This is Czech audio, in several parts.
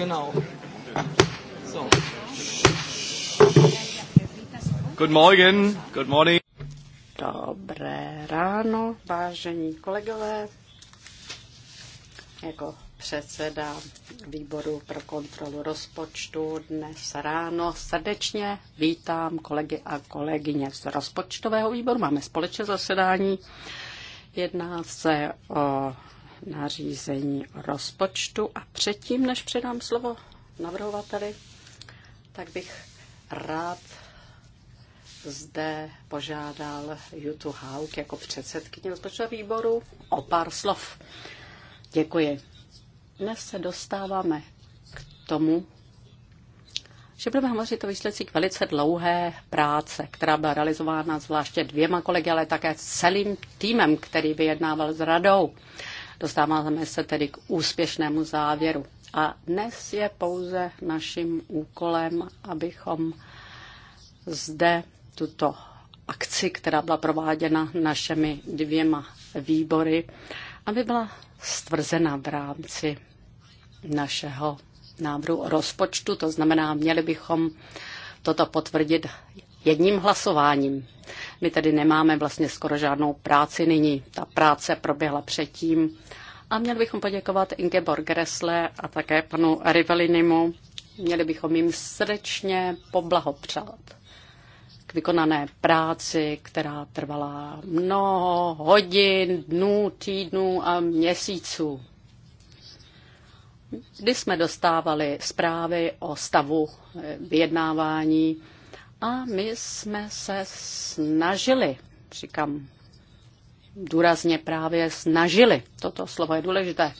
Genau. So. Good morning. Good morning. Dobré ráno, vážení kolegové. Jako předseda výboru pro kontrolu rozpočtu dnes ráno srdečně vítám kolegy a kolegyně z rozpočtového výboru. Máme společné zasedání. Jedná se o nařízení rozpočtu. A předtím, než předám slovo navrhovateli, tak bych rád zde požádal Jutu Hauk jako předsedkyně rozpočtového výboru o pár slov. Děkuji. Dnes se dostáváme k tomu, že budeme hovořit o výsledcích velice dlouhé práce, která byla realizována zvláště dvěma kolegy, ale také celým týmem, který vyjednával s radou. Dostáváme se tedy k úspěšnému závěru. A dnes je pouze naším úkolem, abychom zde tuto akci, která byla prováděna našimi dvěma výbory, aby byla stvrzena v rámci našeho návrhu rozpočtu. To znamená, měli bychom toto potvrdit jedním hlasováním. My tedy nemáme vlastně skoro žádnou práci nyní. Ta práce proběhla předtím. A měli bychom poděkovat Ingeborg Gressle a také panu Rivelinimu. Měli bychom jim srdečně poblahopřát k vykonané práci, která trvala mnoho hodin, dnů, týdnů a měsíců. Kdy jsme dostávali zprávy o stavu vyjednávání, a my jsme se snažili, říkám důrazně právě snažili, toto slovo je důležité,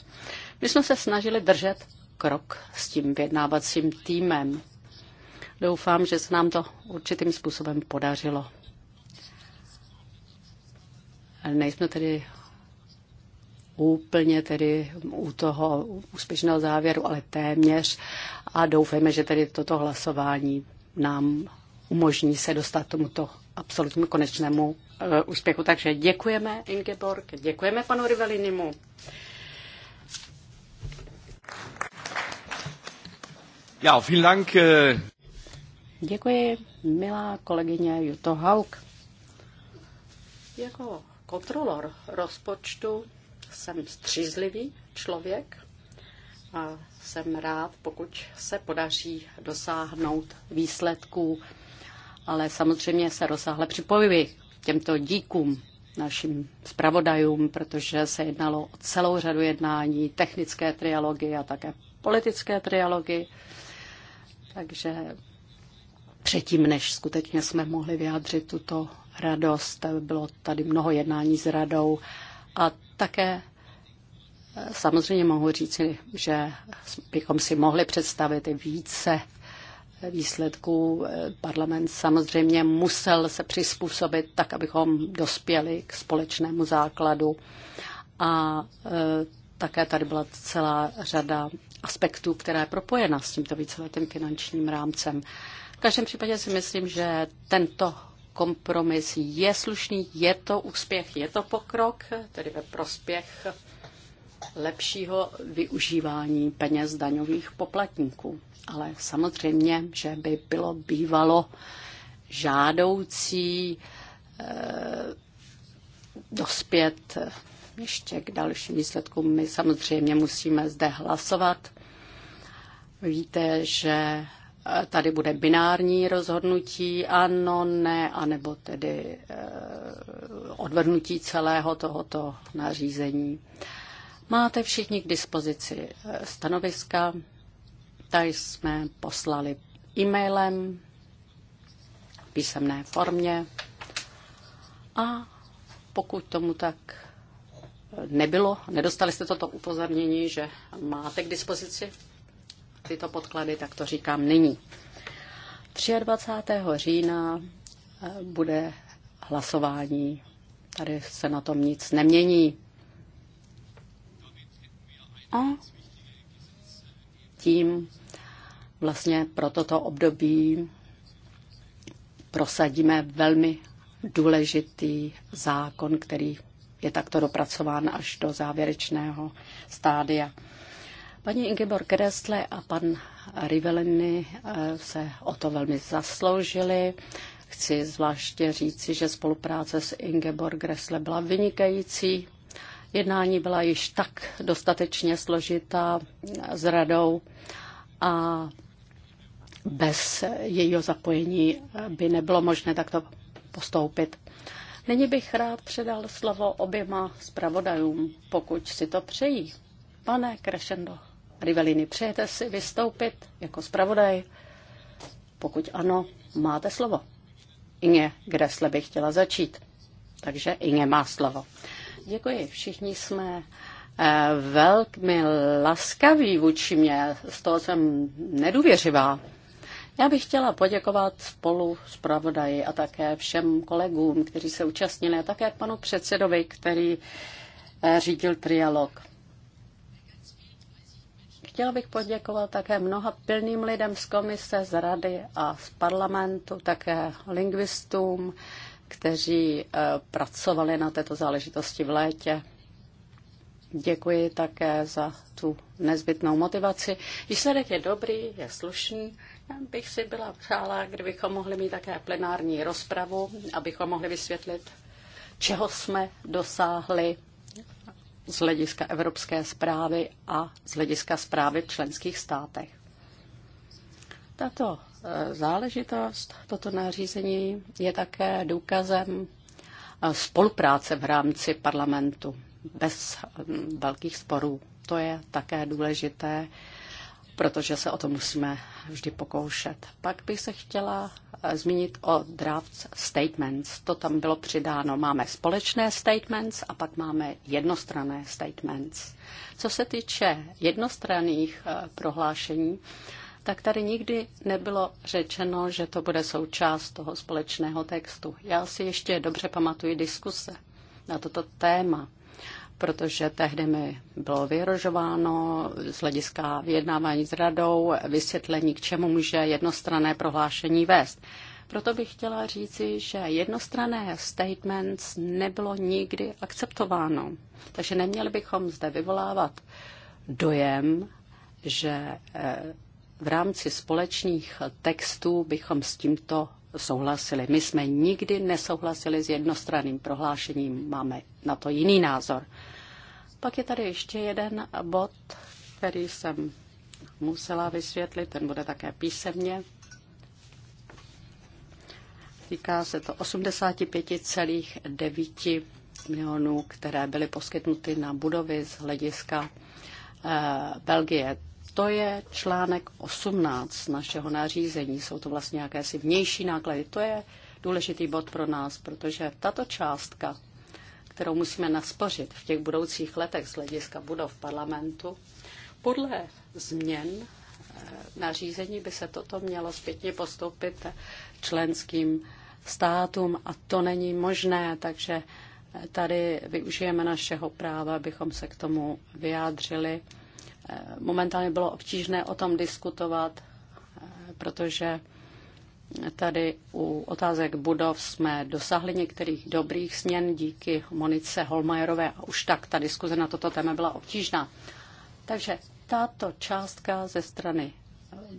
my jsme se snažili držet krok s tím vyjednávacím týmem. Doufám, že se nám to určitým způsobem podařilo. Nejsme tedy úplně tedy u toho úspěšného závěru, ale téměř. A doufejme, že tedy toto hlasování nám umožní se dostat tomuto absolutnímu konečnému eh, úspěchu. Takže děkujeme Ingeborg, děkujeme panu Rivelinimu. Já, vielen Dank. Eh. Děkuji, milá kolegyně Juto Hauk. Jako kontrolor rozpočtu jsem střízlivý člověk a jsem rád, pokud se podaří dosáhnout výsledků ale samozřejmě se rozsáhle připojuji těmto díkům našim zpravodajům, protože se jednalo o celou řadu jednání, technické trialogy a také politické trialogy. Takže předtím, než skutečně jsme mohli vyjádřit tuto radost, bylo tady mnoho jednání s radou a také eh, samozřejmě mohu říci, že bychom si mohli představit i více Výsledku eh, parlament samozřejmě musel se přizpůsobit tak, abychom dospěli k společnému základu. A eh, také tady byla celá řada aspektů, která je propojena s tímto víceletým finančním rámcem. V každém případě si myslím, že tento kompromis je slušný, je to úspěch, je to pokrok, tedy ve prospěch lepšího využívání peněz daňových poplatníků. Ale samozřejmě, že by bylo bývalo žádoucí e, dospět eh, ještě k dalším výsledkům. My samozřejmě musíme zde hlasovat. Víte, že eh, tady bude binární rozhodnutí, ano, ne, anebo tedy e, odvrhnutí celého tohoto nařízení. E, Máte všichni k dispozici eh, stanoviska, Tady jsme poslali e-mailem v písemné formě a pokud tomu tak eh, nebylo, nedostali jste toto upozornění, že máte k dispozici tyto podklady, tak to říkám nyní. 23. října eh, bude hlasování. Tady se na tom nic nemění a tím vlastně pro toto období prosadíme velmi důležitý zákon, který je takto dopracován až do závěrečného stádia. Paní Ingeborg Kresle a pan Rivelini eh, se o to velmi zasloužili. Chci zvláště říci, že spolupráce s Ingeborg Kresle byla vynikající. Jednání byla již tak dostatečně složitá eh, s radou a bez jejího zapojení eh, by nebylo možné takto postoupit. Nyní bych rád předal slovo oběma zpravodajům, pokud si to přejí. Pane Crescendo Rivelini, přejete si vystoupit jako zpravodaj? Pokud ano, máte slovo. Inge kde bych chtěla začít. Takže Inge má slovo. Děkuji. Všichni jsme eh, velmi laskaví vůči mě, z toho jsem nedůvěřivá. Já bych chtěla poděkovat spolu s a také všem kolegům, kteří se účastnili, a také panu předsedovi, který eh, řídil trialog. Chtěla bych poděkovat také mnoha pilným lidem z komise, z rady a z parlamentu, také lingvistům, kteří eh, pracovali na této záležitosti v létě. Děkuji také za tu nezbytnou motivaci. Výsledek je dobrý, je slušný. Já bych si byla přála, kdybychom mohli mít také plenární rozpravu, abychom mohli vysvětlit, čeho jsme dosáhli z hlediska evropské zprávy a z hlediska zprávy v členských státech. Tato záležitost. Toto nařízení je také důkazem eh, spolupráce v rámci parlamentu bez hm, velkých sporů. To je také důležité, protože se o to musíme vždy pokoušet. Pak bych se chtěla eh, zmínit o draft statements. To tam bylo přidáno. Máme společné statements a pak máme jednostrané statements. Co se týče jednostranných eh, prohlášení, tak tady nikdy nebylo řečeno, že to bude součást toho společného textu. Já si ještě dobře pamatuji diskuse na toto téma, protože tehdy mi bylo vyrožováno z hlediska vyjednávání s radou vysvětlení, k čemu může jednostrané prohlášení vést. Proto bych chtěla říci, že jednostrané statements nebylo nikdy akceptováno. Takže neměli bychom zde vyvolávat dojem, že eh, v rámci společných textů bychom s tímto souhlasili. My jsme nikdy nesouhlasili s jednostranným prohlášením, máme na to jiný názor. Pak je tady ještě jeden bod, který jsem musela vysvětlit, ten bude také písemně. Týká se to 85,9 milionů, které byly poskytnuty na budovy z hlediska eh, Belgie. To je článek 18 našeho nařízení. Jsou to vlastně jakési vnější náklady. To je důležitý bod pro nás, protože tato částka, kterou musíme naspořit v těch budoucích letech z hlediska budov parlamentu, podle změn eh, nařízení by se toto mělo zpětně postoupit členským státům a to není možné, takže tady využijeme našeho práva, abychom se k tomu vyjádřili momentálně bylo obtížné o tom diskutovat, eh, protože tady u otázek budov jsme dosahli některých dobrých směn díky Monice Holmajerové a už tak ta diskuze na toto téma byla obtížná. Takže tato částka ze strany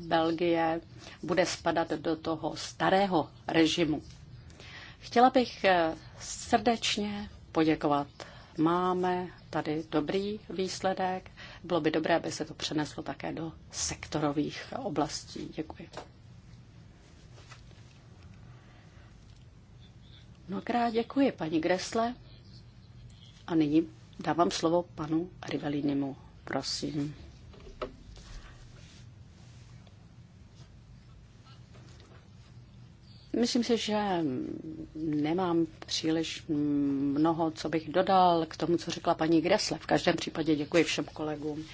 Belgie bude spadat do toho starého režimu. Chtěla bych eh, srdečně poděkovat. Máme tady dobrý výsledek. Bylo by dobré, aby se to přeneslo také do sektorových oblastí. Děkuji. Mnohokrát děkuji, paní Gresle. A nyní dávám slovo panu Rivelinimu. Prosím. Myslím si, že nemám příliš mnoho, co bych dodal k tomu, co řekla paní Gresle. V každém případě děkuji všem kolegům.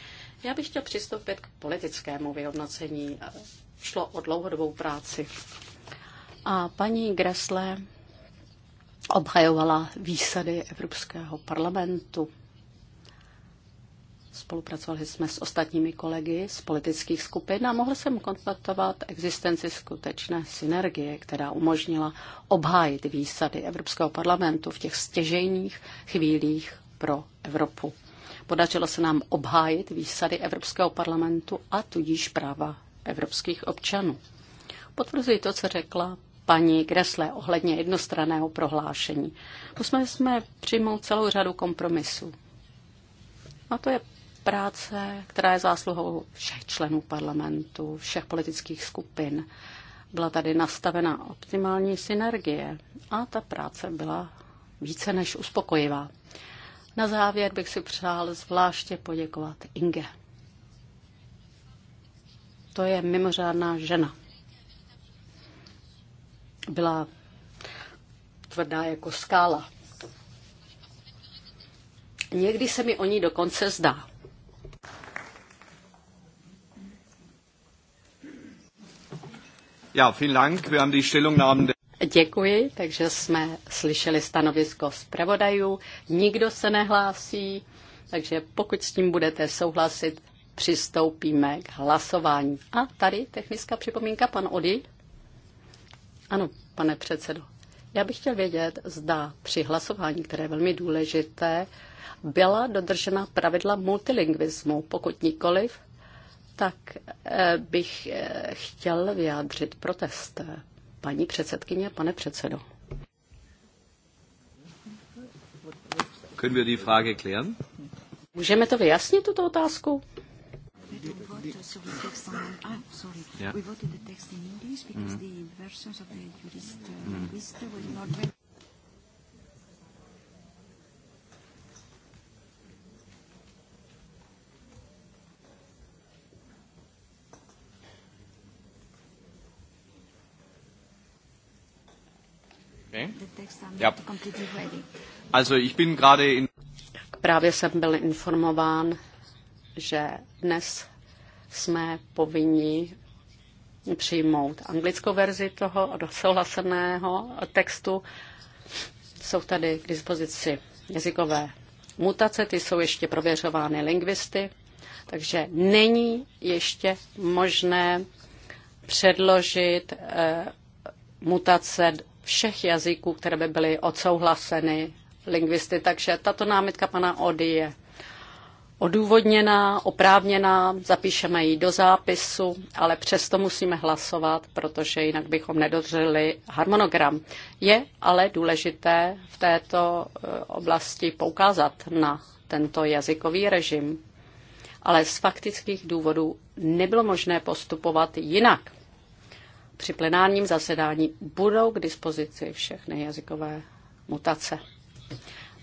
Já bych chtěl přistoupit k politickému vyhodnocení. Šlo o dlouhodobou práci. A paní Gresle obhajovala výsady Evropského parlamentu Spolupracovali jsme s ostatními kolegy z politických skupin a mohl jsem konstatovat existenci skutečné synergie, která umožnila obhájit výsady Evropského parlamentu v těch stěžejních chvílích pro Evropu. Podařilo se nám obhájit výsady Evropského parlamentu a tudíž práva evropských občanů. Potvrzuji to, co řekla paní Gresle ohledně jednostraného prohlášení. Museli jsme přijmout celou řadu kompromisů. A to je práce, která je zásluhou všech členů parlamentu, všech politických skupin. Byla tady nastavena optimální synergie a ta práce byla více než uspokojivá. Na závěr bych si přál zvláště poděkovat Inge. To je mimořádná žena. Byla tvrdá jako skála. Někdy se mi o ní dokonce zdá, Ja, vielen Dank. Wir haben die Stellungnahmen der Děkuji, takže jsme slyšeli stanovisko zpravodajů. Nikdo se nehlásí, takže pokud s tím budete souhlasit, přistoupíme k hlasování. A tady technická připomínka, pan Odi. Ano, pane předsedo. Já bych chtěl vědět, zda při hlasování, které je velmi důležité, byla dodržena pravidla multilingvismu. Pokud nikoliv, tak eh, bych eh, chtěl vyjádřit protest. Eh, paní předsedkyně, pane předsedo. Můžeme to vyjasnit, tuto otázku? Yeah. Mhm. Uh, mm. Ja. Also ich bin gerade in... Právě jsem byl informován, že dnes jsme povinni přijmout anglickou verzi toho souhlaseného textu. Jsou tady k dispozici jazykové mutace, ty jsou ještě prověřovány lingvisty, takže není ještě možné předložit eh, mutace všech jazyků, které by byly odsouhlaseny lingvisty. Takže tato námitka pana Ody je odůvodněná, oprávněná, zapíšeme ji do zápisu, ale přesto musíme hlasovat, protože jinak bychom nedodřeli harmonogram. Je ale důležité v této eh, oblasti poukázat na tento jazykový režim. Ale z faktických důvodů nebylo možné postupovat jinak při plenárním zasedání budou k dispozici všechny jazykové mutace.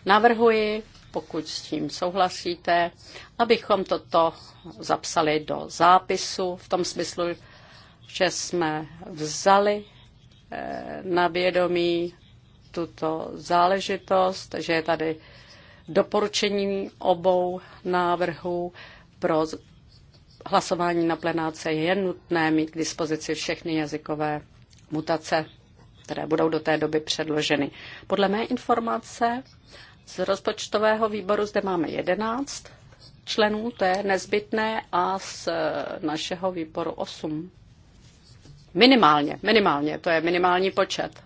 Navrhuji, pokud s tím souhlasíte, abychom toto zapsali do zápisu v tom smyslu, že jsme vzali eh, na vědomí tuto záležitost, že je tady doporučení obou návrhů pro hlasování na plenáce je nutné mít k dispozici všechny jazykové mutace, které budou do té doby předloženy. Podle mé informace z rozpočtového výboru zde máme 11 členů, to je nezbytné, a z e, našeho výboru 8. Minimálně, minimálně, to je minimální počet.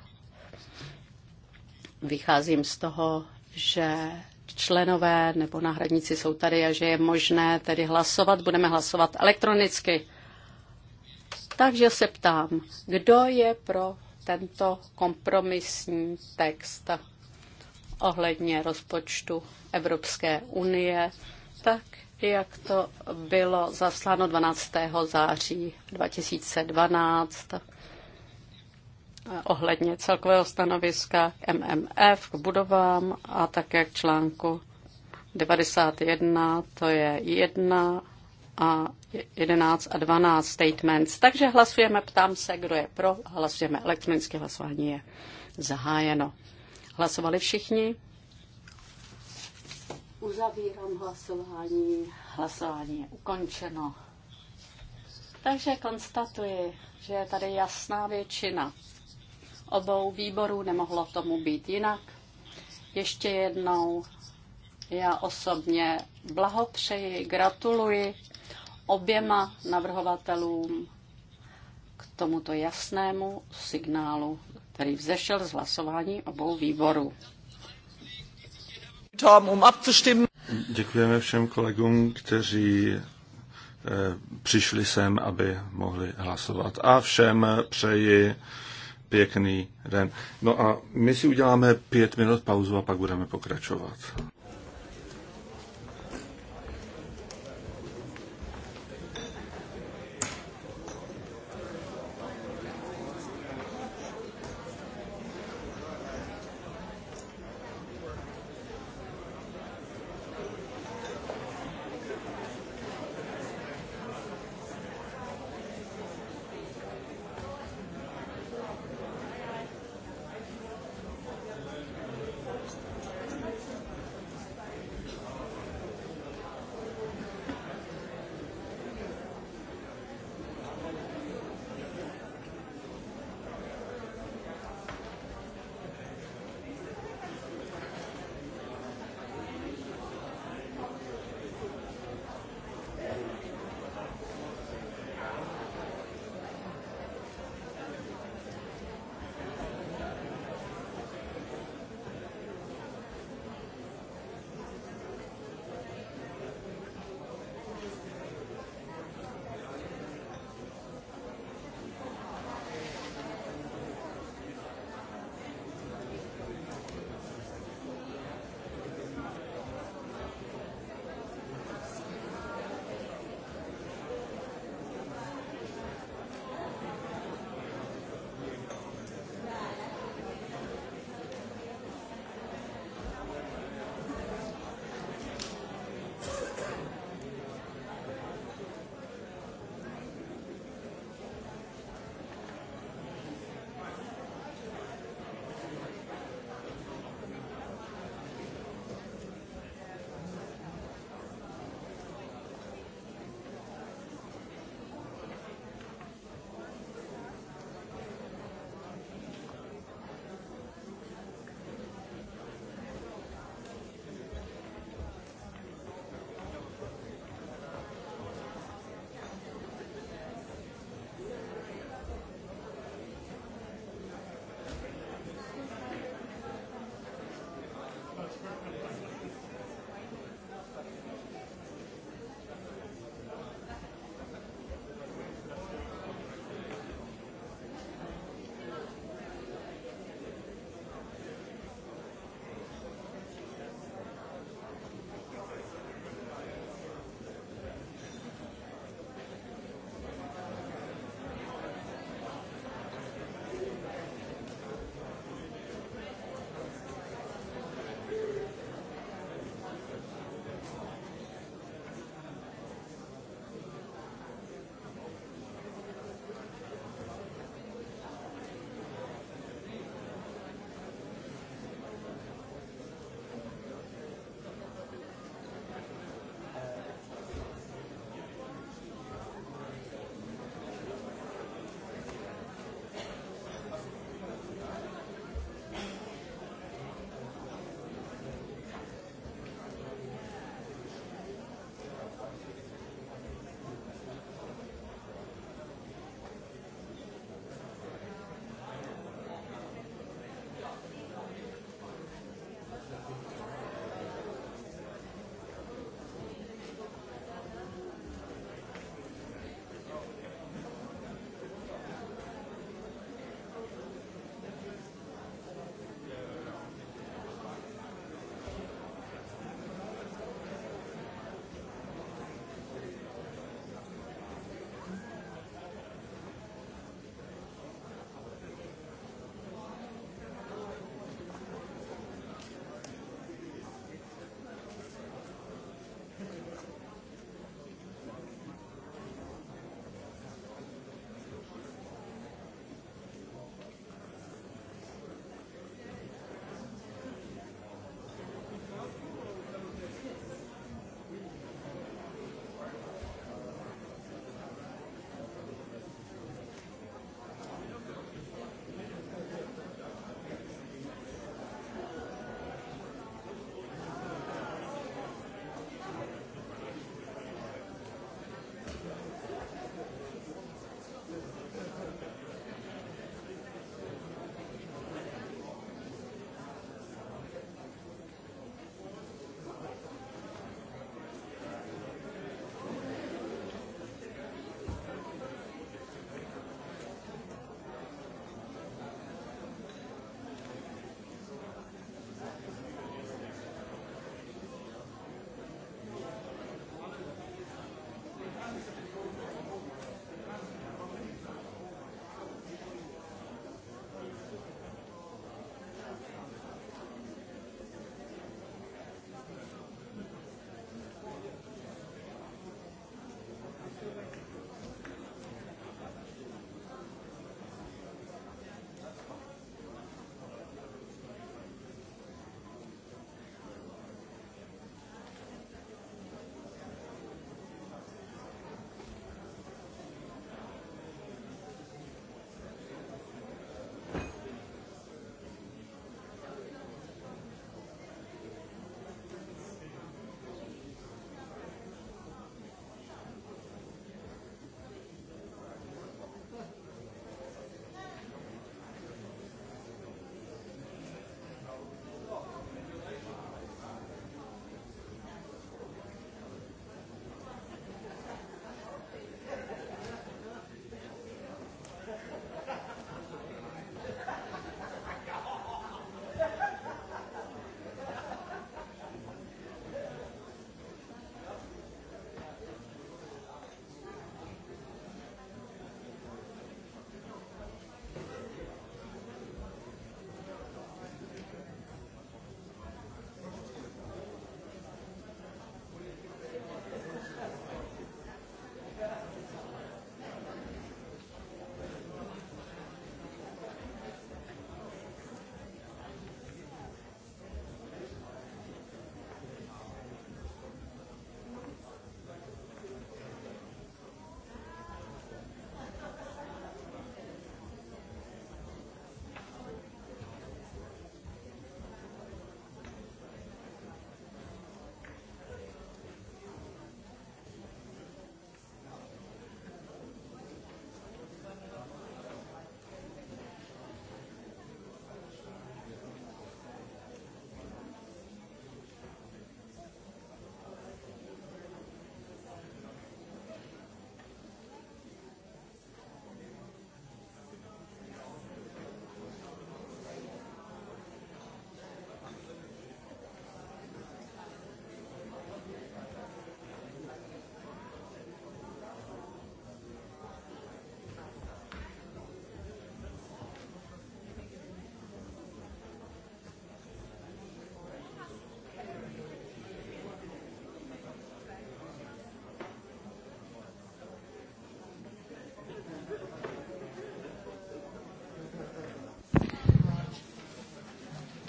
Vycházím z toho, že členové nebo náhradníci jsou tady a že je možné tedy hlasovat. Budeme hlasovat elektronicky. Takže se ptám, kdo je pro tento kompromisní text ohledně rozpočtu Evropské unie, tak jak to bylo zasláno 12. září 2012 ohledně celkového stanoviska MMF, k budovám a také k článku 91, to je 1 a 11 a 12 statements. Takže hlasujeme, ptám se, kdo je pro, hlasujeme elektronické hlasování je zahájeno. Hlasovali všichni? Uzavírám hlasování. Hlasování je ukončeno. Takže konstatuji, že je tady jasná většina obou výborů, nemohlo tomu být jinak. Ještě jednou já osobně blahopřeji, gratuluji oběma navrhovatelům k tomuto jasnému signálu, který vzešel z hlasování obou výborů. Děkujeme všem kolegům, kteří eh, přišli sem, aby mohli hlasovat. A všem přeji pěkný den. No a my si uděláme pět minut pauzu a pak budeme pokračovat.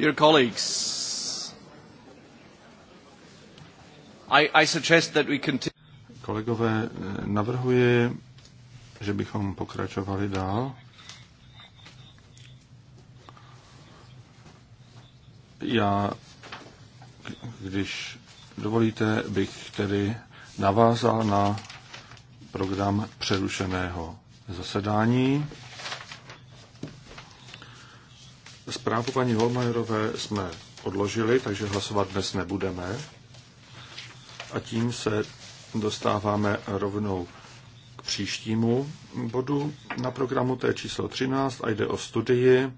Dear colleagues, I, I suggest that we continue. Kolegové, eh, navrhuji, že bychom pokračovali dál. Já, když dovolíte, bych tedy navázal na program přerušeného zasedání. Zprávu paní Holmajerové jsme odložili, takže hlasovat dnes nebudeme. A tím se dostáváme rovnou k příštímu bodu na programu, to je číslo 13 a jde o studii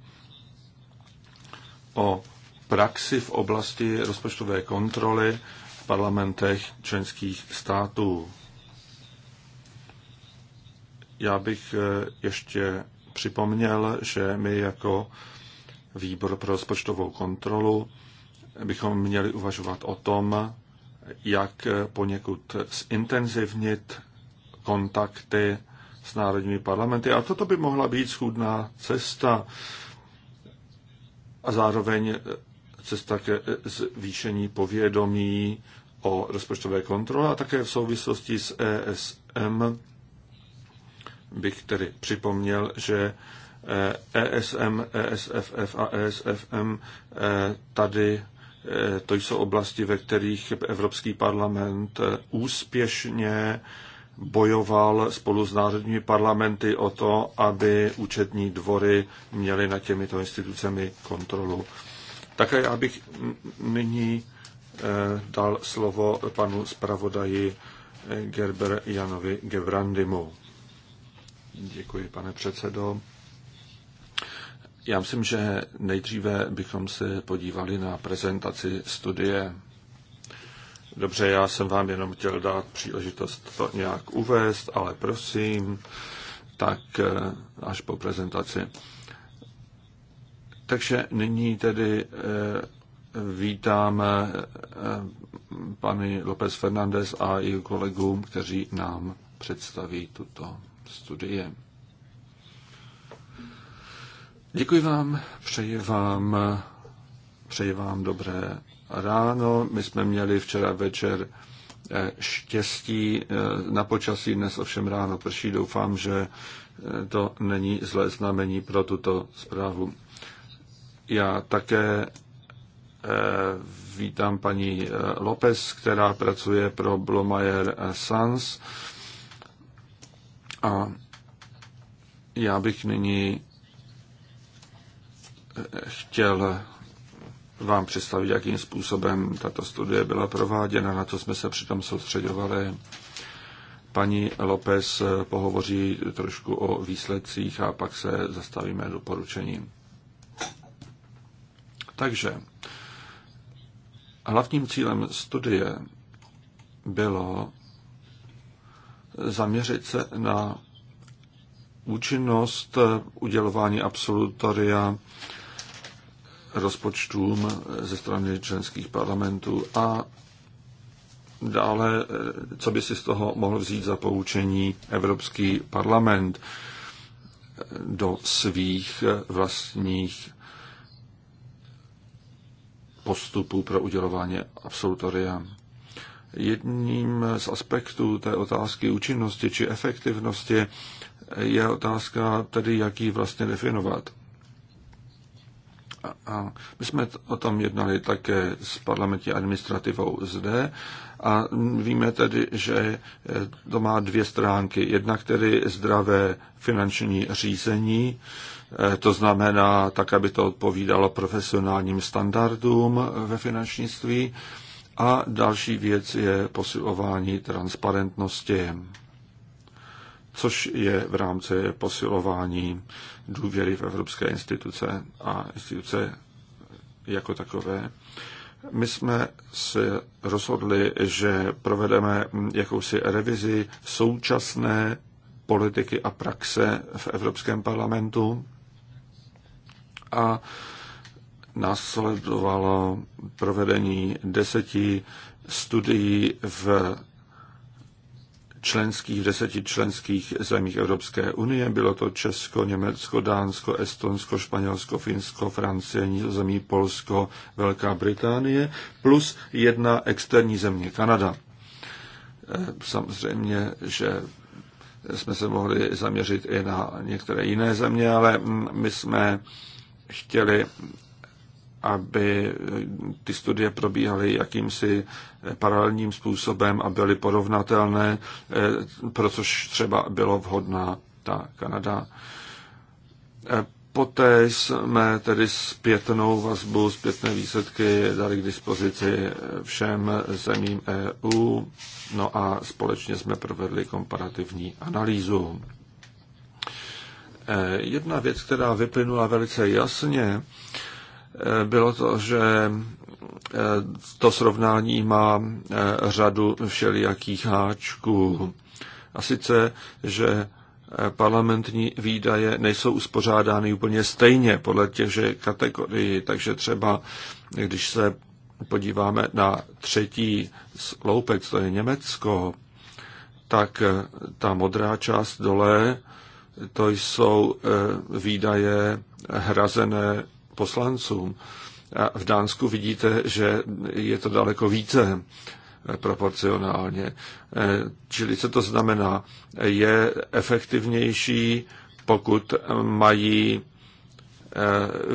o praxi v oblasti rozpočtové kontroly v parlamentech členských států. Já bych eh, ještě připomněl, že my jako výbor pro rozpočtovou kontrolu bychom měli uvažovat o tom, jak poněkud zintenzivnit kontakty s národními parlamenty. A toto by mohla být schůdná cesta a zároveň cesta ke zvýšení povědomí o rozpočtové kontrole a také v souvislosti s ESM bych tedy připomněl, že ESM, ESFF a ESFM, e, tady e, to jsou oblasti, ve kterých Evropský parlament e, úspěšně bojoval spolu s národními parlamenty o to, aby účetní dvory měly nad těmito institucemi kontrolu. Také já bych nyní dal slovo panu zpravodaji Gerber Janovi Gebrandimu. Děkuji, pane předsedo. Já myslím, že nejdříve bychom se podívali na prezentaci studie. Dobře, já jsem vám jenom chtěl dát příležitost to nějak uvést, ale prosím, tak eh, až po prezentaci. Takže nyní tedy eh, vítám eh, paní López Fernández a její kolegům, kteří nám představí tuto studii. Děkuji vám, přeji vám, přeji vám dobré ráno. My jsme měli včera večer eh, štěstí eh, na počasí, dnes ovšem ráno prší. Doufám, že eh, to není zlé znamení pro tuto zprávu. Já také vítám paní López, která pracuje pro Blomayer Sans. A já bych nyní chtěl vám představit, jakým způsobem tato studie byla prováděna, na co jsme se přitom soustředovali. Paní López pohovoří trošku o výsledcích a pak se zastavíme doporučením. Takže hlavním cílem studie bylo zaměřit se na účinnost udělování absolutoria rozpočtům ze strany členských parlamentů a dále, eh, co by si z toho mohl vzít za poučení Evropský parlament eh, do svých eh, vlastních postupů pro udělování absolutoria. Jedním z aspektů té otázky účinnosti či efektivnosti je otázka tedy, jak ji vlastně definovat. A my jsme o tom jednali také s parlamentní administrativou zde a víme tedy, že eh, to má dvě stránky. Jedna, který zdravé finanční řízení, eh, to znamená tak, aby to odpovídalo profesionálním standardům ve finančnictví. A další věc je posilování transparentnosti což je v rámci posilování důvěry v evropské instituce a instituce jako takové. My jsme se rozhodli, že provedeme jakousi revizi současné politiky a praxe v Evropském parlamentu a následovalo provedení deseti studií v členských, deseti členských zemích Evropské unie. Bylo to Česko, Německo, Dánsko, Estonsko, Španělsko, Finsko, Francie, Nizozemí, Polsko, Velká Británie, plus jedna externí země, Kanada. E, samozřejmě, že jsme se mohli zaměřit i na některé jiné země, ale mm, my jsme chtěli aby eh, ty studie probíhaly jakýmsi eh, paralelním způsobem a byly porovnatelné, eh, pro což třeba bylo vhodná ta Kanada. Poté jsme tedy zpětnou vazbu, zpětné výsledky dali k dispozici všem zemím EU, no a společně jsme provedli komparativní analýzu. Jedna věc, která vyplynula velice jasně, Eh, bylo to, že eh, to srovnání má eh, řadu všelijakých háčků. A sice, že parlamentní výdaje nejsou uspořádány úplně stejně podle těch kategorií, takže třeba když se podíváme na třetí sloupec, to je Německo, tak ta modrá část dole, to jsou výdaje hrazené poslancům. A v Dánsku vidíte, že je to daleko více proporcionálně. E, čili co to znamená? Je efektivnější, pokud mají e,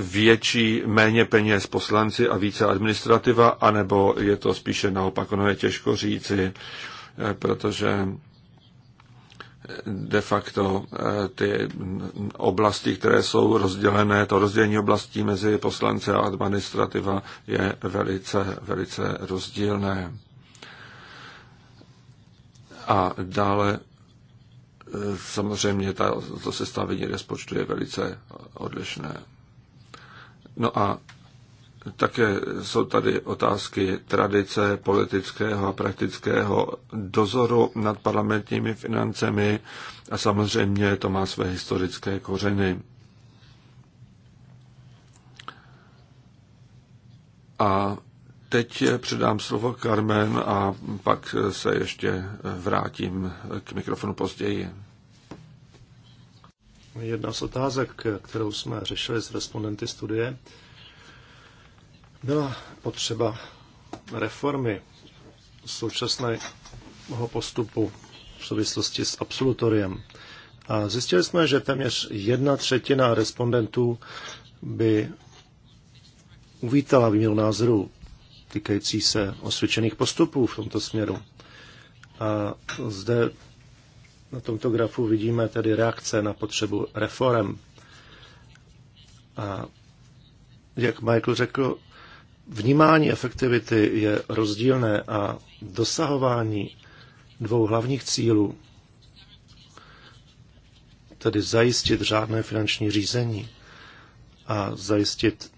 větší, méně peněz poslanci a více administrativa, anebo je to spíše naopak, ono je těžko říci, e, protože de facto eh, ty oblasti, které jsou rozdělené, to rozdělení oblastí mezi poslance a administrativa je velice, velice rozdílné. A dále eh, samozřejmě ta, to sestavení rozpočtu je velice odlišné. No a také jsou tady otázky tradice politického a praktického dozoru nad parlamentními financemi a samozřejmě to má své historické kořeny. A teď předám slovo Carmen a pak se ještě vrátím k mikrofonu později. Jedna z otázek, kterou jsme řešili s respondenty studie, byla potřeba reformy současného postupu v souvislosti s absolutoriem. A zjistili jsme, že téměř jedna třetina respondentů by uvítala výměnu názorů týkající se osvědčených postupů v tomto směru. A zde na tomto grafu vidíme tedy reakce na potřebu reform. A jak Michael řekl, vnímání efektivity je rozdílné a dosahování dvou hlavních cílů, tedy zajistit řádné finanční řízení a zajistit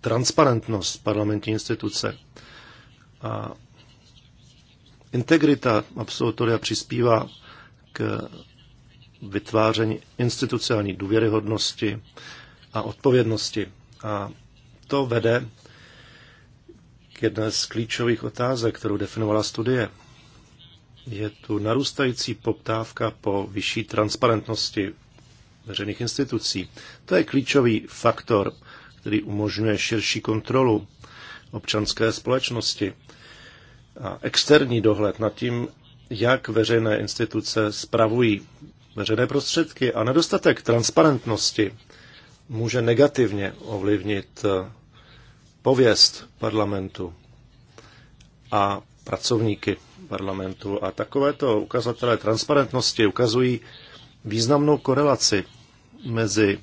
transparentnost parlamentní instituce. A integrita absolutoria přispívá k vytváření institucionální důvěryhodnosti a odpovědnosti. A to vede Jedna jedné z klíčových otázek, kterou definovala studie. Je tu narůstající poptávka po vyšší transparentnosti veřejných institucí. To je klíčový faktor, který umožňuje širší kontrolu občanské společnosti a externí dohled nad tím, jak veřejné instituce spravují veřejné prostředky a nedostatek transparentnosti může negativně ovlivnit pověst parlamentu a pracovníky parlamentu. A takovéto ukazatele transparentnosti ukazují významnou korelaci mezi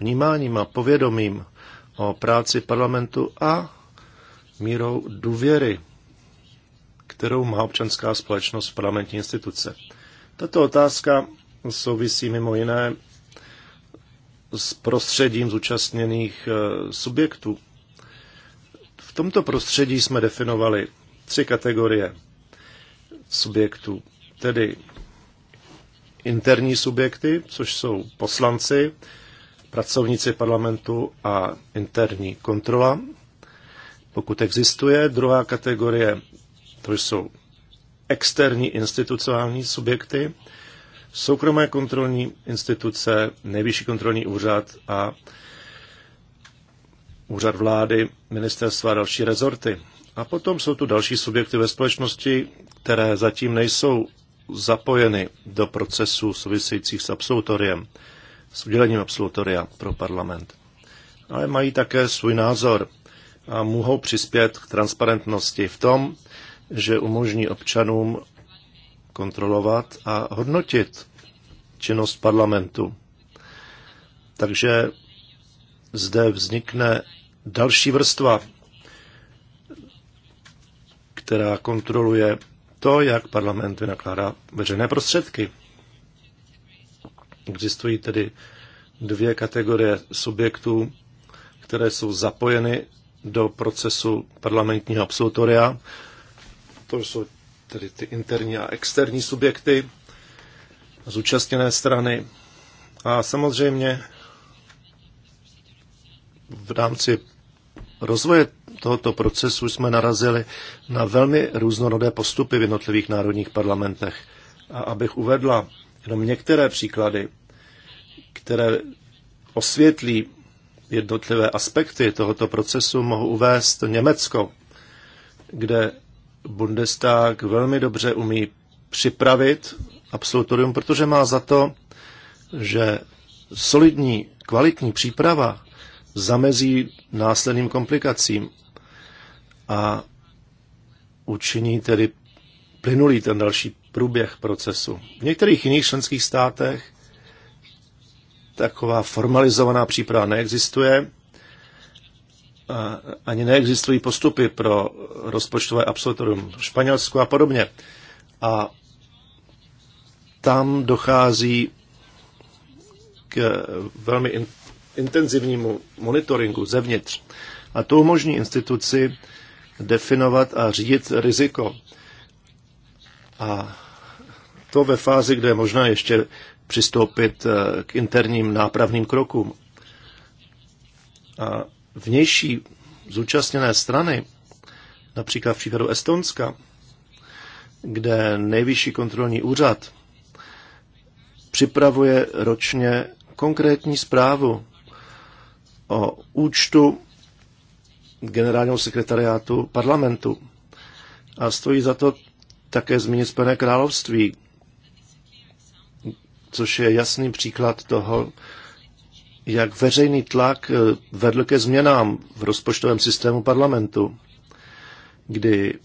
vnímáním a povědomím o práci parlamentu a mírou důvěry, kterou má občanská společnost v parlamentní instituce. Tato otázka souvisí mimo jiné s prostředím zúčastněných eh, subjektů v tomto prostředí jsme definovali tři kategorie subjektů, tedy interní subjekty, což jsou poslanci, pracovníci parlamentu a interní kontrola, pokud existuje. Druhá kategorie, to jsou externí institucionální subjekty, soukromé kontrolní instituce, nejvyšší kontrolní úřad a úřad vlády, ministerstva a další rezorty. A potom jsou tu další subjekty ve společnosti, které zatím nejsou zapojeny do procesu souvisejících s absolutoriem, s udělením absolutoria pro parlament. Ale mají také svůj názor a mohou přispět k transparentnosti v tom, že umožní občanům kontrolovat a hodnotit činnost parlamentu. Takže zde vznikne další vrstva, která kontroluje to, jak parlament vynakládá veřejné prostředky. Existují tedy dvě kategorie subjektů, které jsou zapojeny do procesu parlamentního absolutoria. To jsou tedy ty interní a externí subjekty, zúčastněné strany. A samozřejmě v rámci rozvoje tohoto procesu jsme narazili na velmi různorodé postupy v jednotlivých národních parlamentech. A abych uvedla jenom některé příklady, které osvětlí jednotlivé aspekty tohoto procesu, mohu uvést Německo, kde Bundestag velmi dobře umí připravit absolutorium, protože má za to, že solidní, kvalitní příprava zamezí následným komplikacím a učiní tedy plynulý ten další průběh procesu. V některých jiných členských státech taková formalizovaná příprava neexistuje, a ani neexistují postupy pro rozpočtové absolutorium v Španělsku a podobně. A tam dochází k velmi intenzivnímu monitoringu zevnitř. A to umožní instituci definovat a řídit riziko. A to ve fázi, kde je možná ještě přistoupit eh, k interním nápravným krokům. A vnější zúčastněné strany, například v případu Estonska, kde nejvyšší kontrolní úřad připravuje ročně konkrétní zprávu o účtu generálního sekretariátu parlamentu. A stojí za to také zmínit Spojené království, což je jasný příklad toho, jak veřejný tlak eh, vedl ke změnám v rozpočtovém systému parlamentu, kdy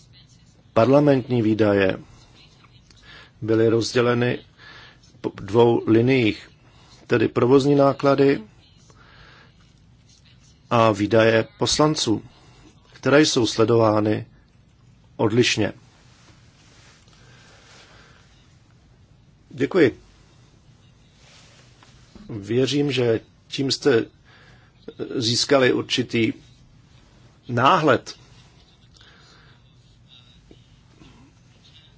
parlamentní výdaje byly rozděleny po dvou liniích, tedy provozní náklady a výdaje poslanců, které jsou sledovány odlišně. Děkuji. Věřím, že tím jste získali určitý náhled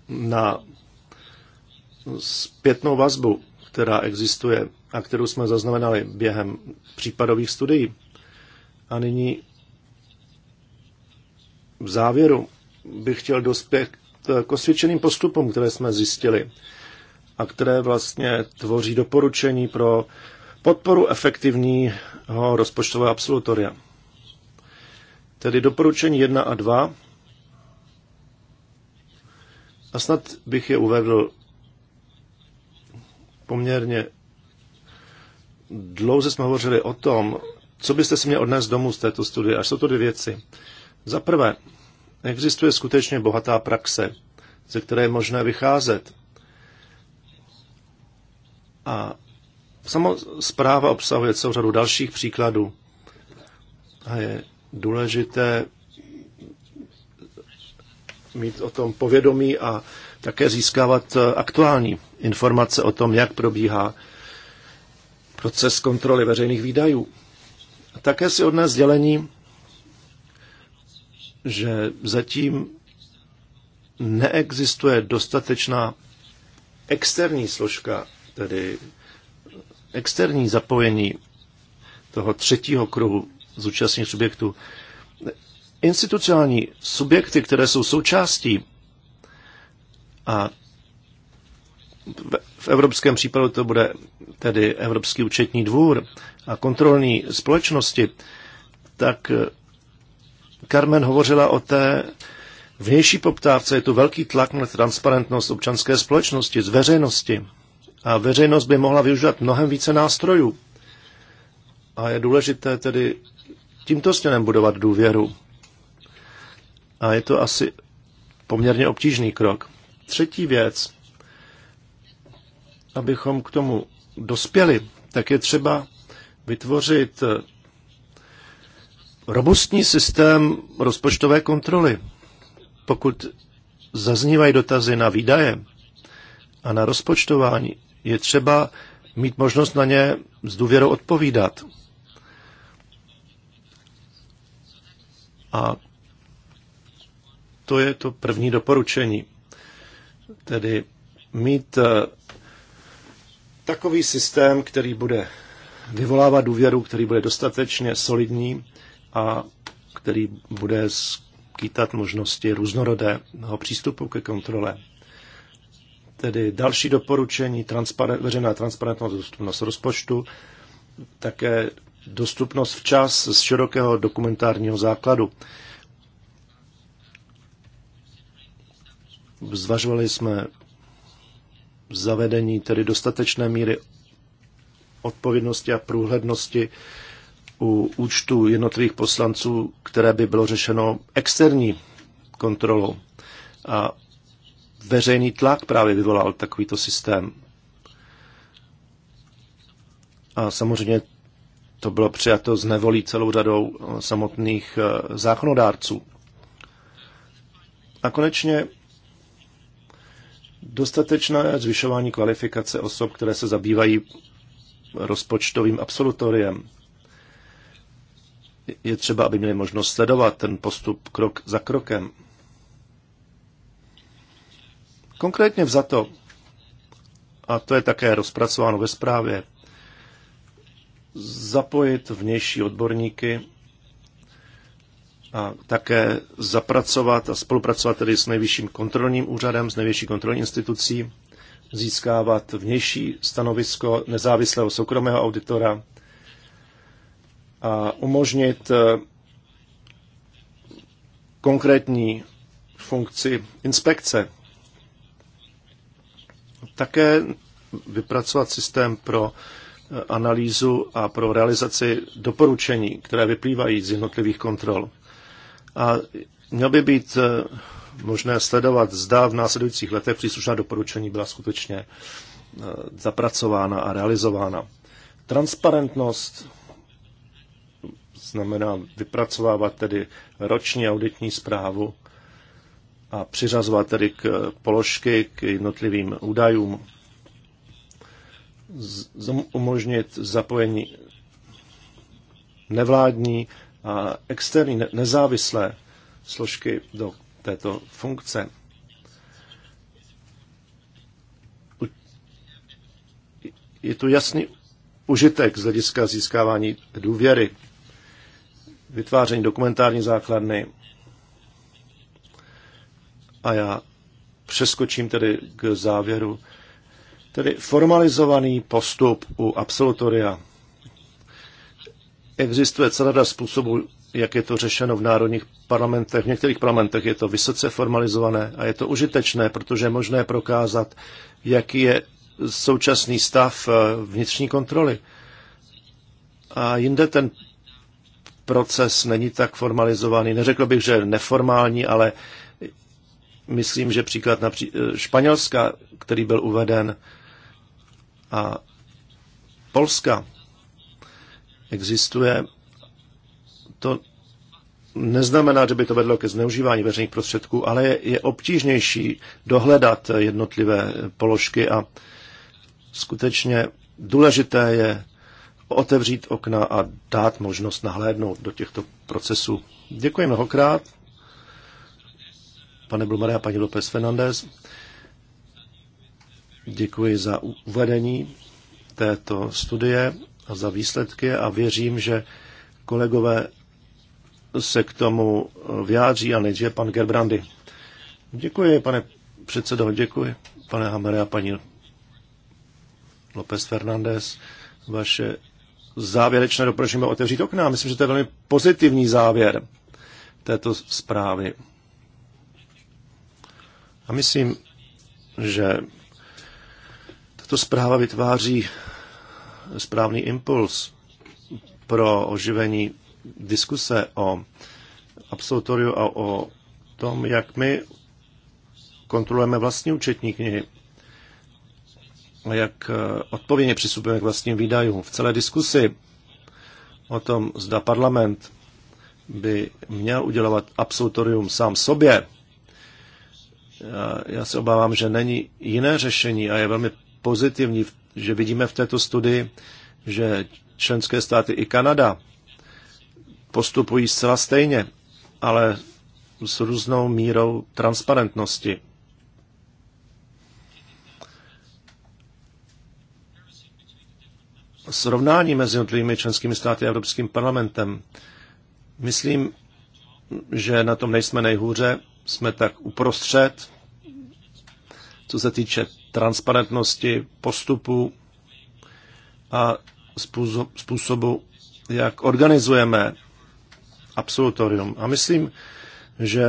na zpětnou vazbu, která existuje a kterou jsme zaznamenali během případových studií. A nyní v závěru bych chtěl dospět k osvědčeným postupům, které jsme zjistili a které vlastně tvoří doporučení pro podporu efektivního rozpočtového absolutoria. Tedy doporučení 1 a 2. A snad bych je uvedl poměrně dlouze jsme hovořili o tom, co byste si měl odnést domů z této studie? Až jsou to dvě věci. Za prvé, existuje skutečně bohatá praxe, ze které je možné vycházet. A samo zpráva obsahuje celou řadu dalších příkladů. A je důležité mít o tom povědomí a také získávat eh, aktuální informace o tom, jak probíhá proces kontroly veřejných výdajů. Také si nás dělení, že zatím neexistuje dostatečná externí složka, tedy externí zapojení toho třetího kruhu zúčastněných subjektů. Institucionální subjekty, které jsou součástí a v evropském případu to bude tedy Evropský účetní dvůr a kontrolní společnosti, tak Carmen hovořila o té vnější poptávce. Je tu velký tlak na transparentnost občanské společnosti, z veřejnosti. A veřejnost by mohla využívat mnohem více nástrojů. A je důležité tedy tímto směrem budovat důvěru. A je to asi poměrně obtížný krok. Třetí věc, abychom k tomu dospěli, tak je třeba vytvořit eh, robustní systém rozpočtové kontroly. Pokud zaznívají dotazy na výdaje a na rozpočtování, je třeba mít možnost na ně s důvěrou odpovídat. A to je to první doporučení. Tedy mít eh, takový systém, který bude vyvolávat důvěru, který bude dostatečně solidní a který bude skýtat možnosti různorodého přístupu ke kontrole. Tedy další doporučení, transparent, veřejná transparentnost, dostupnost rozpočtu, také dostupnost včas z širokého dokumentárního základu. Zvažovali jsme zavedení tedy dostatečné míry odpovědnosti a průhlednosti u účtu jednotlivých poslanců, které by bylo řešeno externí kontrolou. A veřejný tlak právě vyvolal takovýto systém. A samozřejmě to bylo přijato z nevolí celou řadou eh, samotných eh, zákonodárců. A konečně dostatečné zvyšování kvalifikace osob, které se zabývají rozpočtovým absolutoriem. Je třeba, aby měli možnost sledovat ten postup krok za krokem. Konkrétně vzato, a to je také rozpracováno ve zprávě, zapojit vnější odborníky a také zapracovat a spolupracovat tedy s nejvyšším kontrolním úřadem, s nejvyšší kontrolní institucí, získávat vnější stanovisko nezávislého soukromého auditora a umožnit eh, konkrétní funkci inspekce. Také vypracovat systém pro eh, analýzu a pro realizaci doporučení, které vyplývají z jednotlivých kontrol. A měl by být eh, možné sledovat, zda v následujících letech příslušná doporučení byla skutečně eh, zapracována a realizována. Transparentnost znamená vypracovávat tedy roční auditní zprávu a přiřazovat tedy k položky, k jednotlivým údajům, umožnit zapojení nevládní a externí nezávislé složky do této funkce. Je tu jasný užitek z hlediska získávání důvěry, vytváření dokumentární základny. A já přeskočím tedy k závěru. Tedy formalizovaný postup u absolutoria Existuje celá řada způsobů, jak je to řešeno v národních parlamentech. V některých parlamentech je to vysoce formalizované a je to užitečné, protože je možné prokázat, jaký je současný stav eh, vnitřní kontroly. A jinde ten proces není tak formalizovaný. Neřekl bych, že neformální, ale myslím, že příklad napří- eh, Španělska, který byl uveden, a Polska, existuje, to neznamená, že by to vedlo ke zneužívání veřejných prostředků, ale je, je obtížnější dohledat jednotlivé položky a skutečně důležité je otevřít okna a dát možnost nahlédnout do těchto procesů. Děkuji mnohokrát, pane Blumare a paní López Fernández. Děkuji za uvedení této studie a za výsledky a věřím, že kolegové se k tomu vyjádří a nejdříve pan Gerbrandy. Děkuji, pane předsedo, děkuji, pane Hamere a paní López Fernández. Vaše závěrečné doporučení otevřít okna. Myslím, že to je velmi pozitivní závěr této zprávy. A myslím, že tato zpráva vytváří správný impuls pro oživení diskuse o absolutoriu a o tom, jak my kontrolujeme vlastní účetní knihy a jak eh, odpovědně přistupujeme k vlastním výdajům. V celé diskusi o tom, zda parlament by měl udělovat absolutorium sám sobě, eh, já se obávám, že není jiné řešení a je velmi pozitivní v že vidíme v této studii, že členské státy i Kanada postupují zcela stejně, ale s různou mírou transparentnosti. Srovnání mezi jednotlivými členskými státy a Evropským parlamentem. Myslím, že na tom nejsme nejhůře, jsme tak uprostřed, co se týče transparentnosti postupu a způsobu, jak organizujeme absolutorium. A myslím, že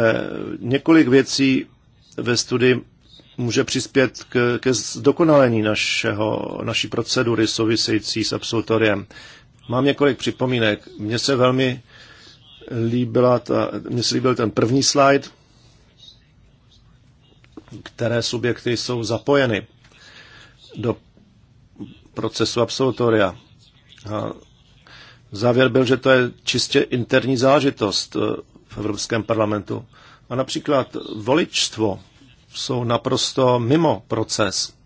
několik věcí ve studii může přispět k, ke zdokonalení našeho, naší procedury související s absolutoriem. Mám několik připomínek. Mně se velmi líbila ta, mně se líbil ten první slide, které subjekty jsou zapojeny do procesu absolutoria. A závěr byl, že to je čistě interní zážitost eh, v Evropském parlamentu. A například voličstvo jsou naprosto mimo proces.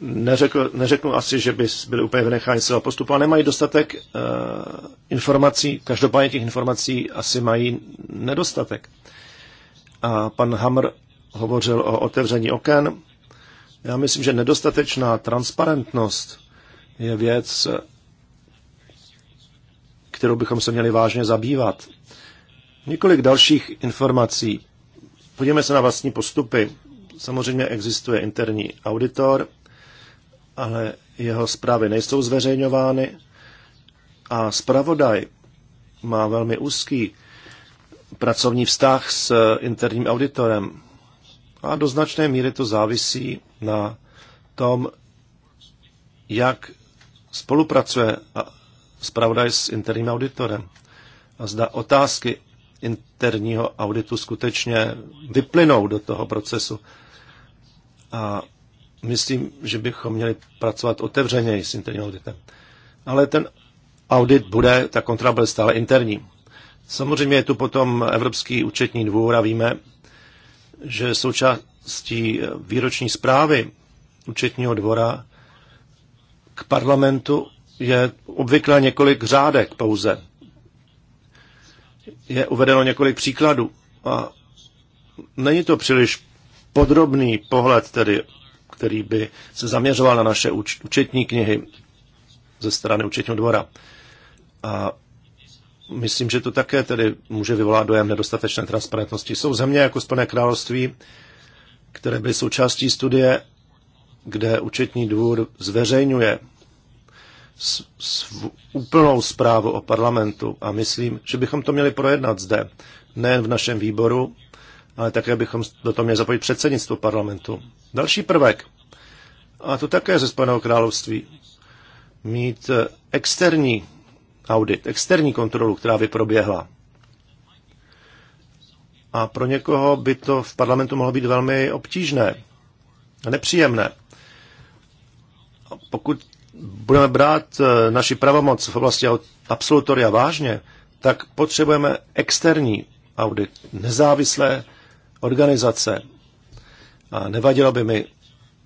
neřekl, neřeknu asi, že by byly úplně vynecháni svého postupu, ale nemají dostatek e, informací, každopádně těch informací asi mají nedostatek. A pan Hamr hovořil o otevření oken. Já myslím, že nedostatečná transparentnost je věc, kterou bychom se měli vážně zabývat. Několik dalších informací. Podívejme se na vlastní postupy. Samozřejmě existuje interní auditor, ale jeho zprávy nejsou zveřejňovány a zpravodaj má velmi úzký pracovní vztah s interním auditorem. A do značné míry to závisí na tom, jak spolupracuje zpravodaj s interním auditorem. A zda otázky interního auditu skutečně vyplynou do toho procesu. A myslím, že bychom měli pracovat otevřeněji s interním auditem. Ale ten audit bude, ta kontrola bude stále interní. Samozřejmě je tu potom Evropský účetní dvůr a víme, že součástí výroční zprávy účetního dvora k parlamentu je obvykle několik řádek pouze. Je uvedeno několik příkladů a není to příliš podrobný pohled tedy který by se zaměřoval na naše účetní knihy ze strany účetního dvora. A myslím, že to také tedy může vyvolat dojem nedostatečné transparentnosti. Jsou země jako Spojené království, které byly součástí studie, kde účetní dvůr zveřejňuje s, s úplnou zprávu o parlamentu a myslím, že bychom to měli projednat zde, nejen v našem výboru, ale také bychom do toho měli zapojit předsednictvo parlamentu. Další prvek, a to také ze Spojeného království, mít eh, externí audit, externí kontrolu, která by proběhla. A pro někoho by to v parlamentu mohlo být velmi obtížné a nepříjemné. A pokud budeme brát eh, naši pravomoc v oblasti absolutoria vážně, tak potřebujeme externí audit, nezávislé organizace, a nevadilo by mi,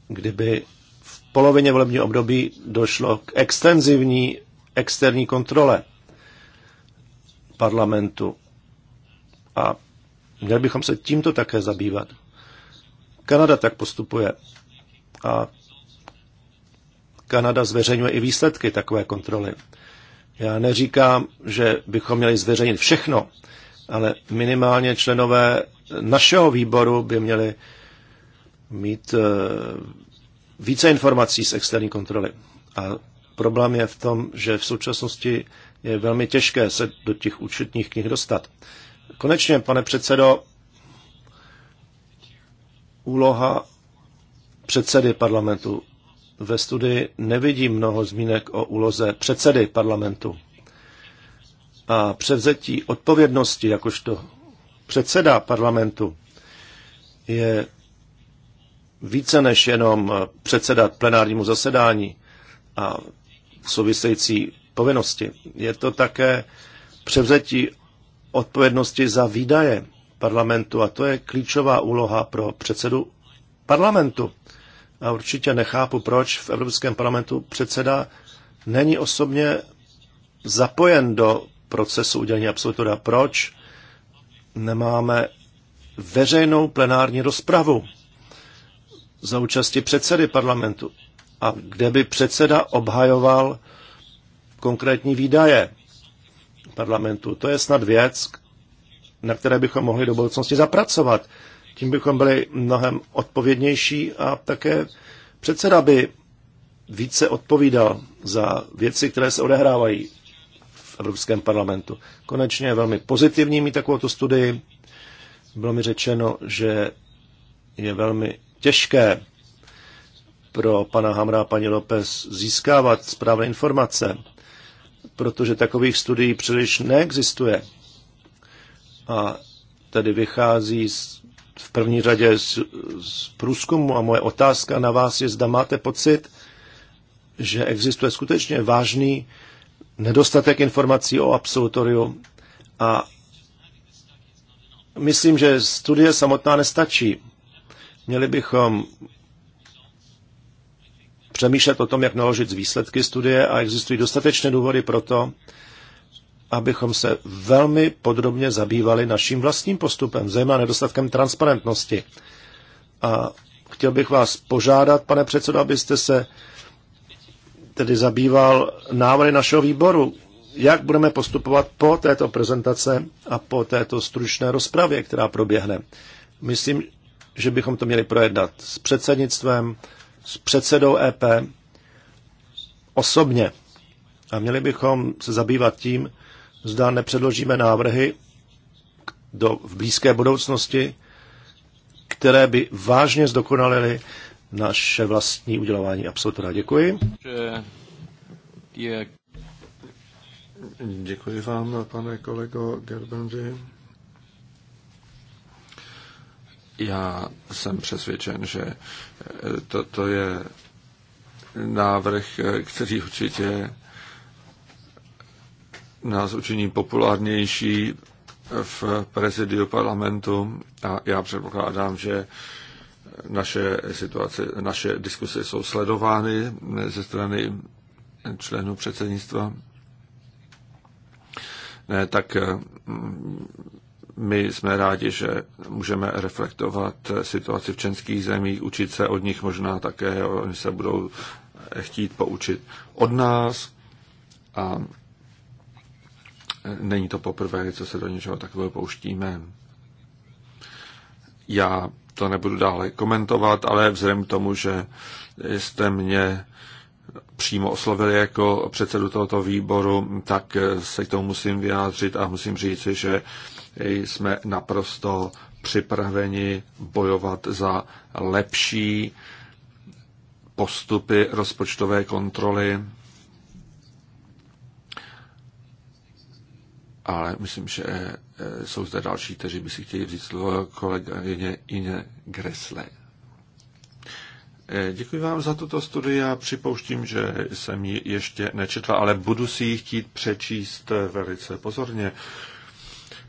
kdyby v polovině volebního období došlo k extenzivní externí kontrole parlamentu. A měli bychom se tímto také zabývat. Kanada tak postupuje. A Kanada zveřejňuje i výsledky takové kontroly. Já neříkám, že bychom měli zveřejnit všechno, ale minimálně členové našeho výboru by měli mít eh, více informací z externí kontroly. A problém je v tom, že v současnosti je velmi těžké se do těch účetních knih dostat. Konečně, pane předsedo, úloha předsedy parlamentu. Ve studii nevidím mnoho zmínek o úloze předsedy parlamentu. A převzetí odpovědnosti jakožto předseda parlamentu je více než jenom předsedat plenárnímu zasedání a související povinnosti. Je to také převzetí odpovědnosti za výdaje parlamentu a to je klíčová úloha pro předsedu parlamentu. A určitě nechápu, proč v Evropském parlamentu předseda není osobně zapojen do procesu udělení absolutora. Proč nemáme veřejnou plenární rozpravu za účasti předsedy parlamentu a kde by předseda obhajoval konkrétní výdaje parlamentu. To je snad věc, na které bychom mohli do budoucnosti zapracovat. Tím bychom byli mnohem odpovědnější a také předseda by více odpovídal za věci, které se odehrávají v Evropském parlamentu. Konečně je velmi pozitivní mít takovou studii. Bylo mi řečeno, že je velmi těžké pro pana Hamra a paní López získávat správné informace, protože takových studií příliš neexistuje. A tady vychází z, v první řadě z, z průzkumu a moje otázka na vás je, zda máte pocit, že existuje skutečně vážný nedostatek informací o absolutoriu a myslím, že studie samotná nestačí. Měli bychom přemýšlet o tom, jak naložit z výsledky studie a existují dostatečné důvody pro to, abychom se velmi podrobně zabývali naším vlastním postupem, zejména nedostatkem transparentnosti. A chtěl bych vás požádat, pane předsedo, abyste se tedy zabýval návrhy našeho výboru, jak budeme postupovat po této prezentace a po této stručné rozpravě, která proběhne. Myslím, že bychom to měli projednat s předsednictvem, s předsedou EP, osobně. A měli bychom se zabývat tím, zda nepředložíme návrhy do, v blízké budoucnosti, které by vážně zdokonalily naše vlastní udělování absolutora. Děkuji. Děkuji vám, pane kolego Gerbenzi. Já jsem přesvědčen, že eh, toto je návrh, eh, který určitě nás učiní populárnější v prezidiu parlamentu a já předpokládám, že naše situace, naše diskuse jsou sledovány ze strany členů předsednictva. Ne, tak eh, my jsme rádi, že můžeme reflektovat situaci v českých zemích, učit se od nich možná také, oni se budou chtít poučit od nás a není to poprvé, co se do něčeho takového pouštíme. Já to nebudu dále komentovat, ale vzhledem k tomu, že jste mě přímo oslovili jako předsedu tohoto výboru, tak se k tomu musím vyjádřit a musím říci, že jsme naprosto připraveni bojovat za lepší postupy rozpočtové kontroly. Ale myslím, že eh, jsou zde další, kteří by si chtěli vzít slovo kolegyně Ine Gresle. Eh, děkuji vám za tuto studii. a připouštím, že jsem ji ještě nečetla, ale budu si ji chtít přečíst eh, velice pozorně.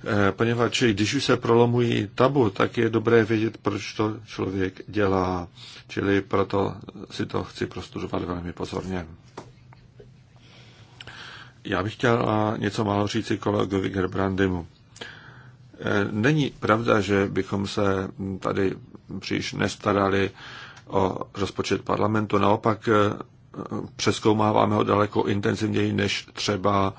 Eh, poněvadž když už se prolomují tabu, tak je dobré vědět, proč to člověk dělá. Čili proto si to chci prostudovat velmi pozorně. Já bych chtěl něco málo říci kolegovi Gerbrandimu. Eh, není pravda, že bychom se tady příliš nestarali o rozpočet parlamentu. Naopak eh, přeskoumáváme ho daleko intenzivněji než třeba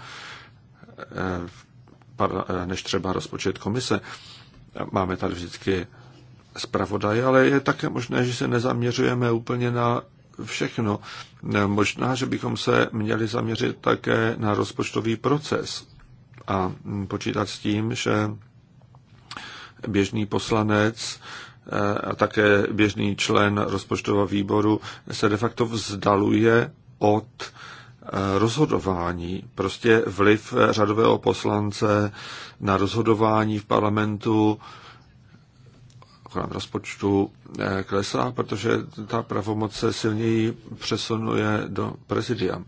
Eh, než třeba rozpočet komise. Máme tady vždycky zpravodaj, ale je také možné, že se nezaměřujeme úplně na všechno. Možná, že bychom se měli zaměřit také na rozpočtový proces a počítat s tím, že běžný poslanec eh, a také běžný člen rozpočtového výboru se de facto vzdaluje od Eh, rozhodování, prostě vliv eh, řadového poslance na rozhodování v parlamentu kolem rozpočtu eh, klesá, protože ta pravomoc se silněji přesunuje do prezidia.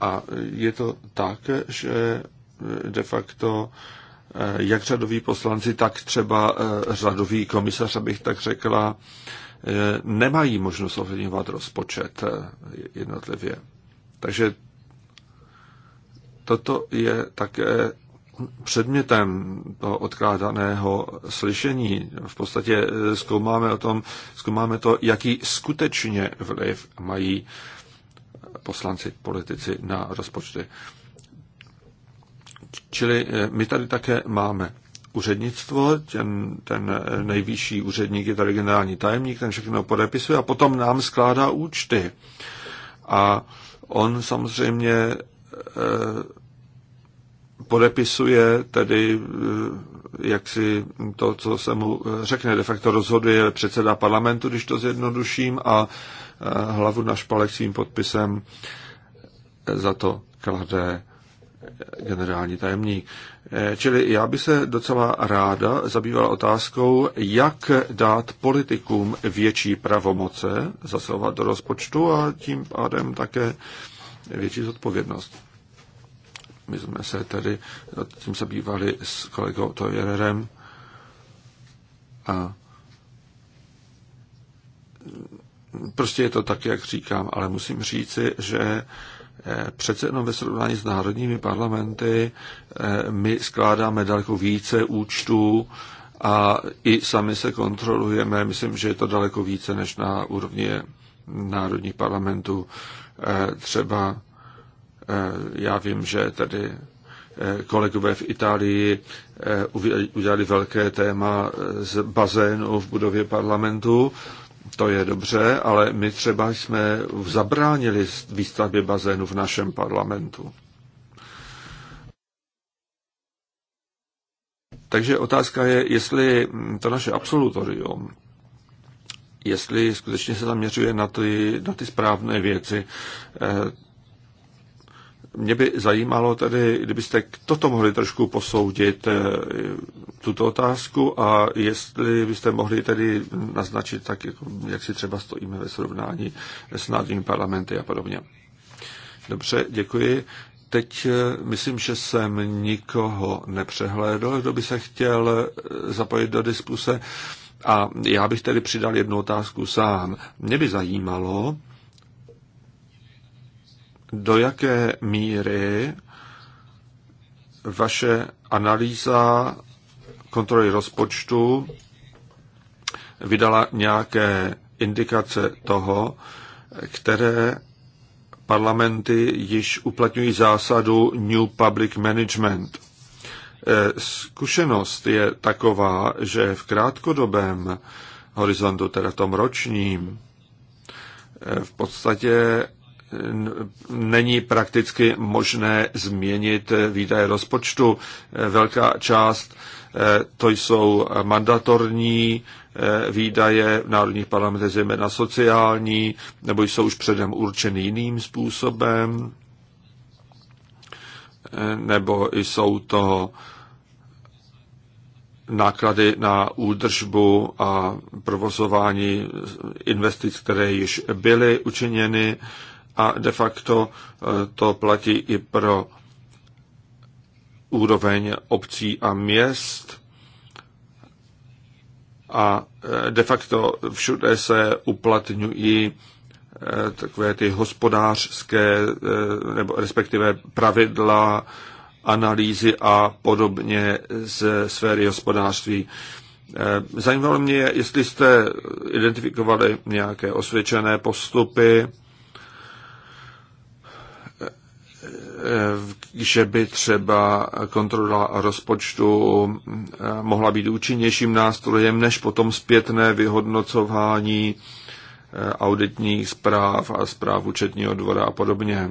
A je to tak, že de facto jak řadoví poslanci, tak třeba řadový komisař, abych tak řekla, Eh, nemají možnost ovlivňovat rozpočet eh, jednotlivě. Takže toto je také předmětem toho odkládaného slyšení. V podstatě eh, zkoumáme, o tom, zkoumáme to, jaký skutečně vliv mají poslanci, politici na rozpočty. Čili my tady také máme úřednictvo, ten, ten nejvyšší úředník je tady generální tajemník, ten všechno podepisuje a potom nám skládá účty. A on samozřejmě e, podepisuje tedy e, jak si to, co se mu e, řekne, de facto rozhoduje předseda parlamentu, když to zjednoduším, a e, hlavu na špalek svým podpisem za to klade generální tajemník. Eh, čili já bych se docela ráda zabývala otázkou, jak dát politikům větší pravomoce zasahovat do rozpočtu a tím pádem také větší zodpovědnost. My jsme se tedy tím zabývali s kolegou Tojerem a prostě je to tak, jak říkám, ale musím říci, že Eh, přece jenom ve srovnání s národními parlamenty eh, my skládáme daleko více účtů a i sami se kontrolujeme. Myslím, že je to daleko více než na úrovni národních parlamentů. Eh, třeba já vím, že tady kolegové v Itálii udělali velké téma z bazénu v budově parlamentu to je dobře, ale my třeba jsme zabránili výstavbě bazénu v našem parlamentu. Takže otázka je, jestli to naše absolutorium, jestli skutečně se zaměřuje na ty, na ty správné věci. Eh, mě by zajímalo tedy, kdybyste toto mohli trošku posoudit, eh, tuto otázku, a jestli byste mohli tedy naznačit tak, jako, jak si třeba stojíme ve srovnání s národními parlamenty a podobně. Dobře, děkuji. Teď eh, myslím, že jsem nikoho nepřehlédl, kdo by se chtěl eh, zapojit do diskuse. A já bych tedy přidal jednu otázku sám. Mě by zajímalo, do jaké míry vaše analýza kontroly rozpočtu vydala nějaké indikace toho, které parlamenty již uplatňují zásadu New Public Management. Eh, zkušenost je taková, že v krátkodobém horizontu, teda tom ročním, eh, v podstatě není prakticky možné změnit výdaje rozpočtu. Velká část e, to jsou mandatorní e, výdaje v národních parlamentech, zejména sociální, nebo jsou už předem určeny jiným způsobem, e, nebo jsou to náklady na údržbu a provozování investic, které již byly učiněny, a de facto eh, to platí i pro úroveň obcí a měst. A eh, de facto všude se uplatňují eh, takové ty hospodářské, nebo respektive pravidla, analýzy a podobně ze sféry hospodářství. Zajímalo mě, jestli jste identifikovali nějaké osvědčené postupy, Eh, že by třeba kontrola rozpočtu eh, mohla být účinnějším nástrojem než potom zpětné vyhodnocování eh, auditních zpráv a zpráv účetního dvora a podobně.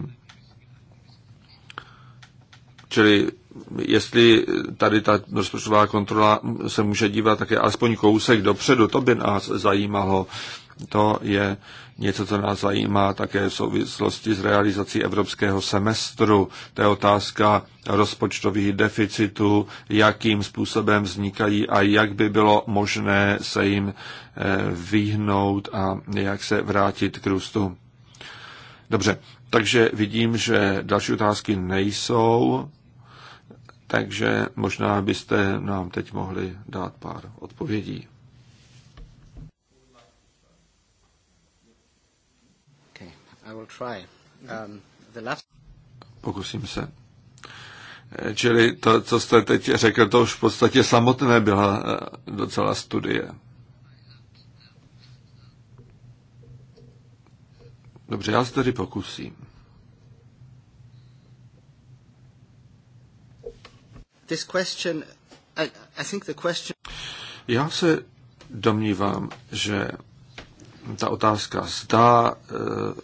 Čili jestli tady ta rozpočtová kontrola se může dívat také alespoň kousek dopředu, to by nás zajímalo. To je něco, co nás zajímá také v souvislosti s realizací evropského semestru. To je otázka rozpočtových deficitů, jakým způsobem vznikají a jak by bylo možné se jim eh, vyhnout a jak se vrátit k růstu. Dobře, takže vidím, že další otázky nejsou, takže možná byste nám teď mohli dát pár odpovědí. I will try. Um, the last... Pokusím se. Eh, čili to, co jste teď řekl, to už v podstatě samotné byla eh, docela studie. Dobře, já se tedy pokusím. This question, I, I think the question... Já se domnívám, že ta otázka zda eh,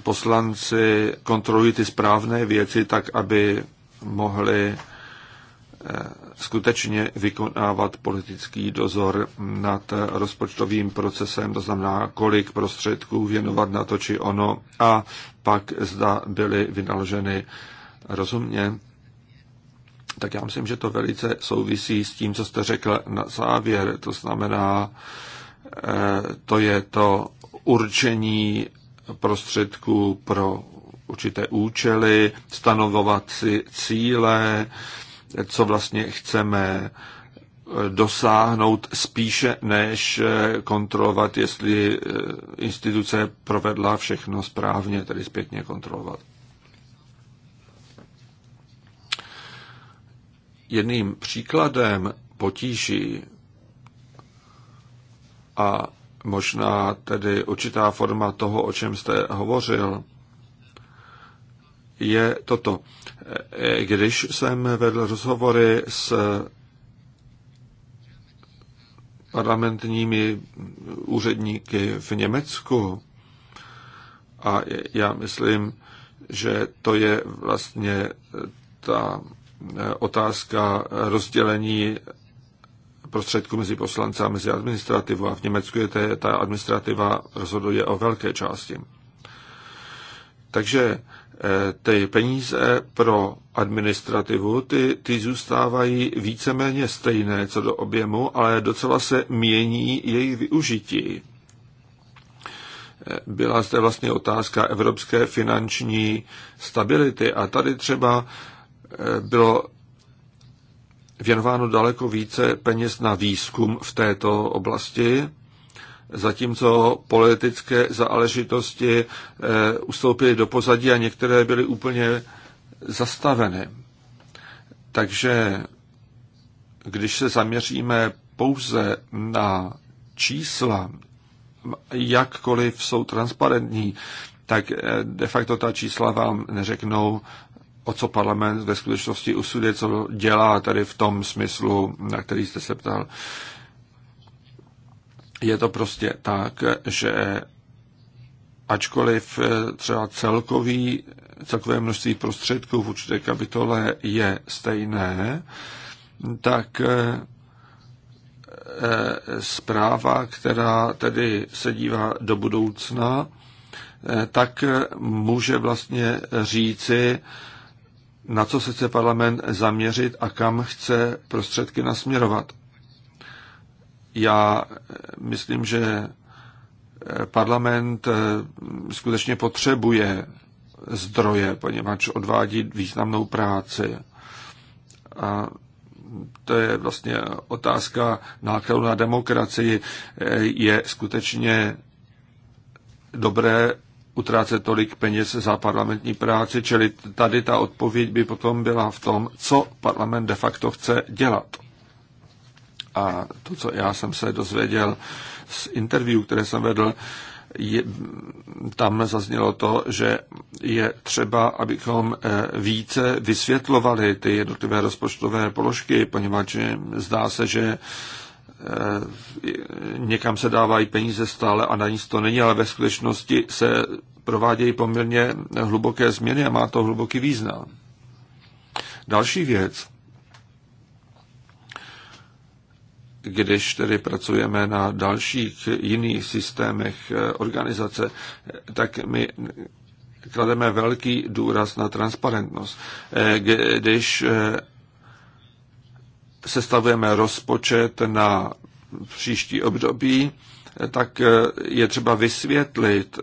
poslanci kontrolují ty správné věci tak, aby mohli eh, skutečně vykonávat politický dozor nad rozpočtovým procesem, to znamená, kolik prostředků věnovat na to či ono a pak zda byly vynaloženy rozumně. Tak já myslím, že to velice souvisí s tím, co jste řekl na závěr, to znamená, eh, to je to určení prostředků pro určité účely, stanovovat si cíle, co vlastně chceme dosáhnout spíše, než kontrolovat, jestli eh, instituce provedla všechno správně, tedy zpětně kontrolovat. Jedným příkladem potíží a možná tedy určitá forma toho, o čem jste hovořil, je toto. Když jsem vedl rozhovory s parlamentními úředníky v Německu, a já myslím, že to je vlastně ta otázka rozdělení prostředků mezi poslanci, a mezi administrativou a v Německu je ta administrativa rozhoduje o velké části. Takže eh, ty peníze pro administrativu, ty, ty zůstávají víceméně stejné co do objemu, ale docela se mění jejich využití. Eh, byla zde vlastně otázka evropské finanční stability a tady třeba eh, bylo věnováno daleko více peněz na výzkum v této oblasti, zatímco politické záležitosti eh, ustoupily do pozadí a některé byly úplně zastaveny. Takže když se zaměříme pouze na čísla, jakkoliv jsou transparentní, tak eh, de facto ta čísla vám neřeknou o co parlament ve skutečnosti usuduje, co dělá tady v tom smyslu, na který jste se ptal. Je to prostě tak, že ačkoliv třeba celkový, celkové množství prostředků v určité kapitole je stejné, tak eh, zpráva, která tedy se dívá do budoucna, eh, tak může vlastně říci, na co se chce parlament zaměřit a kam chce prostředky nasměrovat. Já eh, myslím, že eh, parlament eh, skutečně potřebuje zdroje, poněvadž odvádí významnou práci. A to je vlastně otázka nákladu na demokracii. Je skutečně dobré utrácet tolik peněz za parlamentní práci, čili tady ta odpověď by potom byla v tom, co parlament de facto chce dělat. A to, co já jsem se dozvěděl z interview, které jsem vedl, je, tam zaznělo to, že je třeba, abychom eh, více vysvětlovali ty jednotlivé rozpočtové položky, poněvadž eh, zdá se, že Eh, někam se dávají peníze stále a na nic to není, ale ve skutečnosti se provádějí poměrně hluboké změny a má to hluboký význam. Další věc, když tedy pracujeme na dalších jiných systémech eh, organizace, tak my klademe velký důraz na transparentnost. Eh, když sestavujeme rozpočet na příští období, tak eh, je třeba vysvětlit,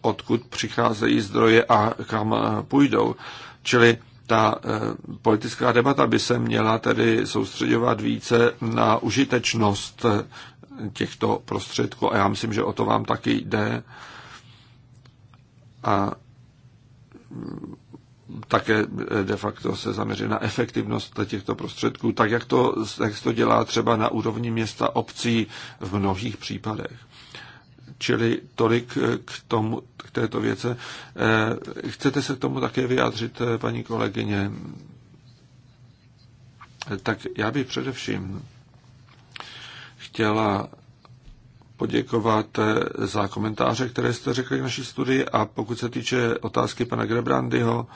odkud přicházejí zdroje a kam eh, půjdou. Čili ta eh, politická debata by se měla tedy soustředovat více na užitečnost těchto prostředků a já myslím, že o to vám taky jde. A také de facto se zaměří na efektivnost těchto prostředků, tak jak to, jak se to dělá třeba na úrovni města obcí v mnohých případech. Čili tolik k, tomu, k této věce. Eh, chcete se k tomu také vyjádřit, eh, paní kolegyně? Tak já bych především chtěla poděkovat eh, za komentáře, které jste řekli v naší studii a pokud se týče otázky pana Grebrandyho,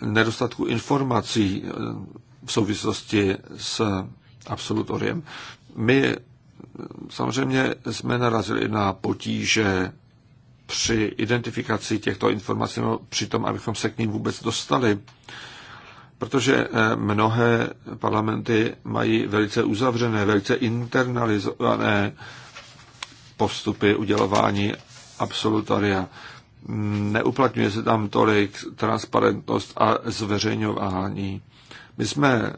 nedostatku informací eh, v souvislosti s absolutoriem. My eh, samozřejmě jsme narazili na potíže při identifikaci těchto informací, no při tom, abychom se k ním vůbec dostali, protože eh, mnohé parlamenty mají velice uzavřené, velice internalizované postupy udělování absolutoria neuplatňuje se tam tolik transparentnost a zveřejňování. My jsme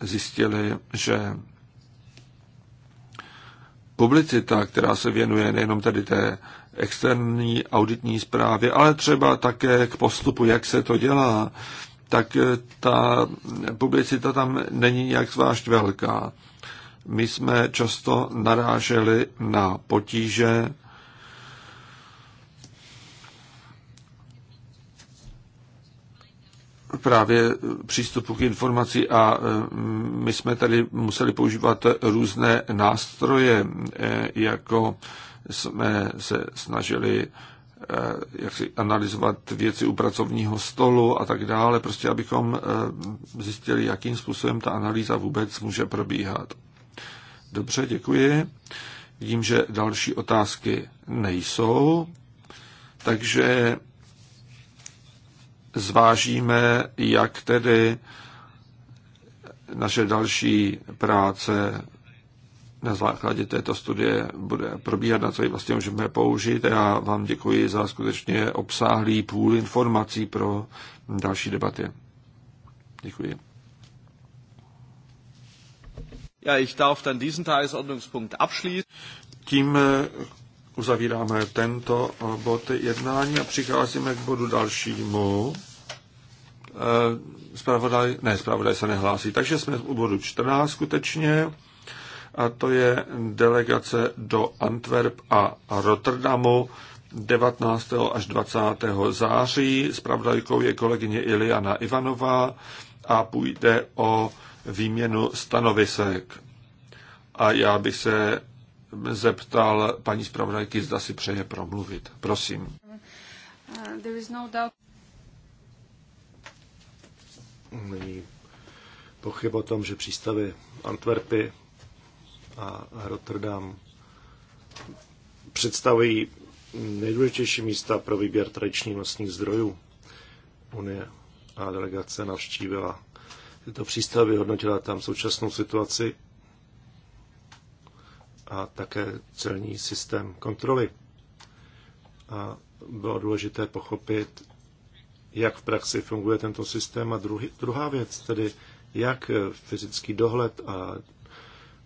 zjistili, že publicita, která se věnuje nejenom tady té externí auditní zprávě, ale třeba také k postupu, jak se to dělá, tak ta publicita tam není nějak zvlášť velká. My jsme často naráželi na potíže právě přístupu k informaci a e, my jsme tady museli používat různé nástroje, e, jako jsme se snažili e, jak si analyzovat věci u pracovního stolu a tak dále, prostě abychom zjistili, jakým způsobem ta analýza vůbec může probíhat. Dobře, děkuji. Vidím, že další otázky nejsou, takže zvážíme, jak tedy naše další práce na základě této studie bude probíhat, na co ji vlastně můžeme použít. Já vám děkuji za skutečně obsáhlý půl informací pro další debaty. Děkuji. Ja, ich darf dann diesen Tagesordnungspunkt abschließen. Tím eh, uzavíráme tento eh, bod jednání a přicházíme k bodu dalšímu. Spravodaj, eh, ne, spravodaj se nehlásí. Takže jsme u bodu 14 skutečně a to je delegace do Antwerp a Rotterdamu 19. až 20. září. Spravodajkou je kolegyně Iliana Ivanová a půjde o výměnu stanovisek. A já bych se zeptal paní zpravodajky, zda si přeje promluvit. Prosím. Uh, no Není pochyb o tom, že přístavy Antwerpy a Rotterdam představují nejdůležitější místa pro výběr tradičních vlastních zdrojů. Unie a delegace navštívila tyto přístavy, hodnotila tam současnou situaci a také celní systém kontroly. A bylo důležité pochopit, jak v praxi funguje tento systém. A druhý, druhá věc, tedy jak fyzický dohled a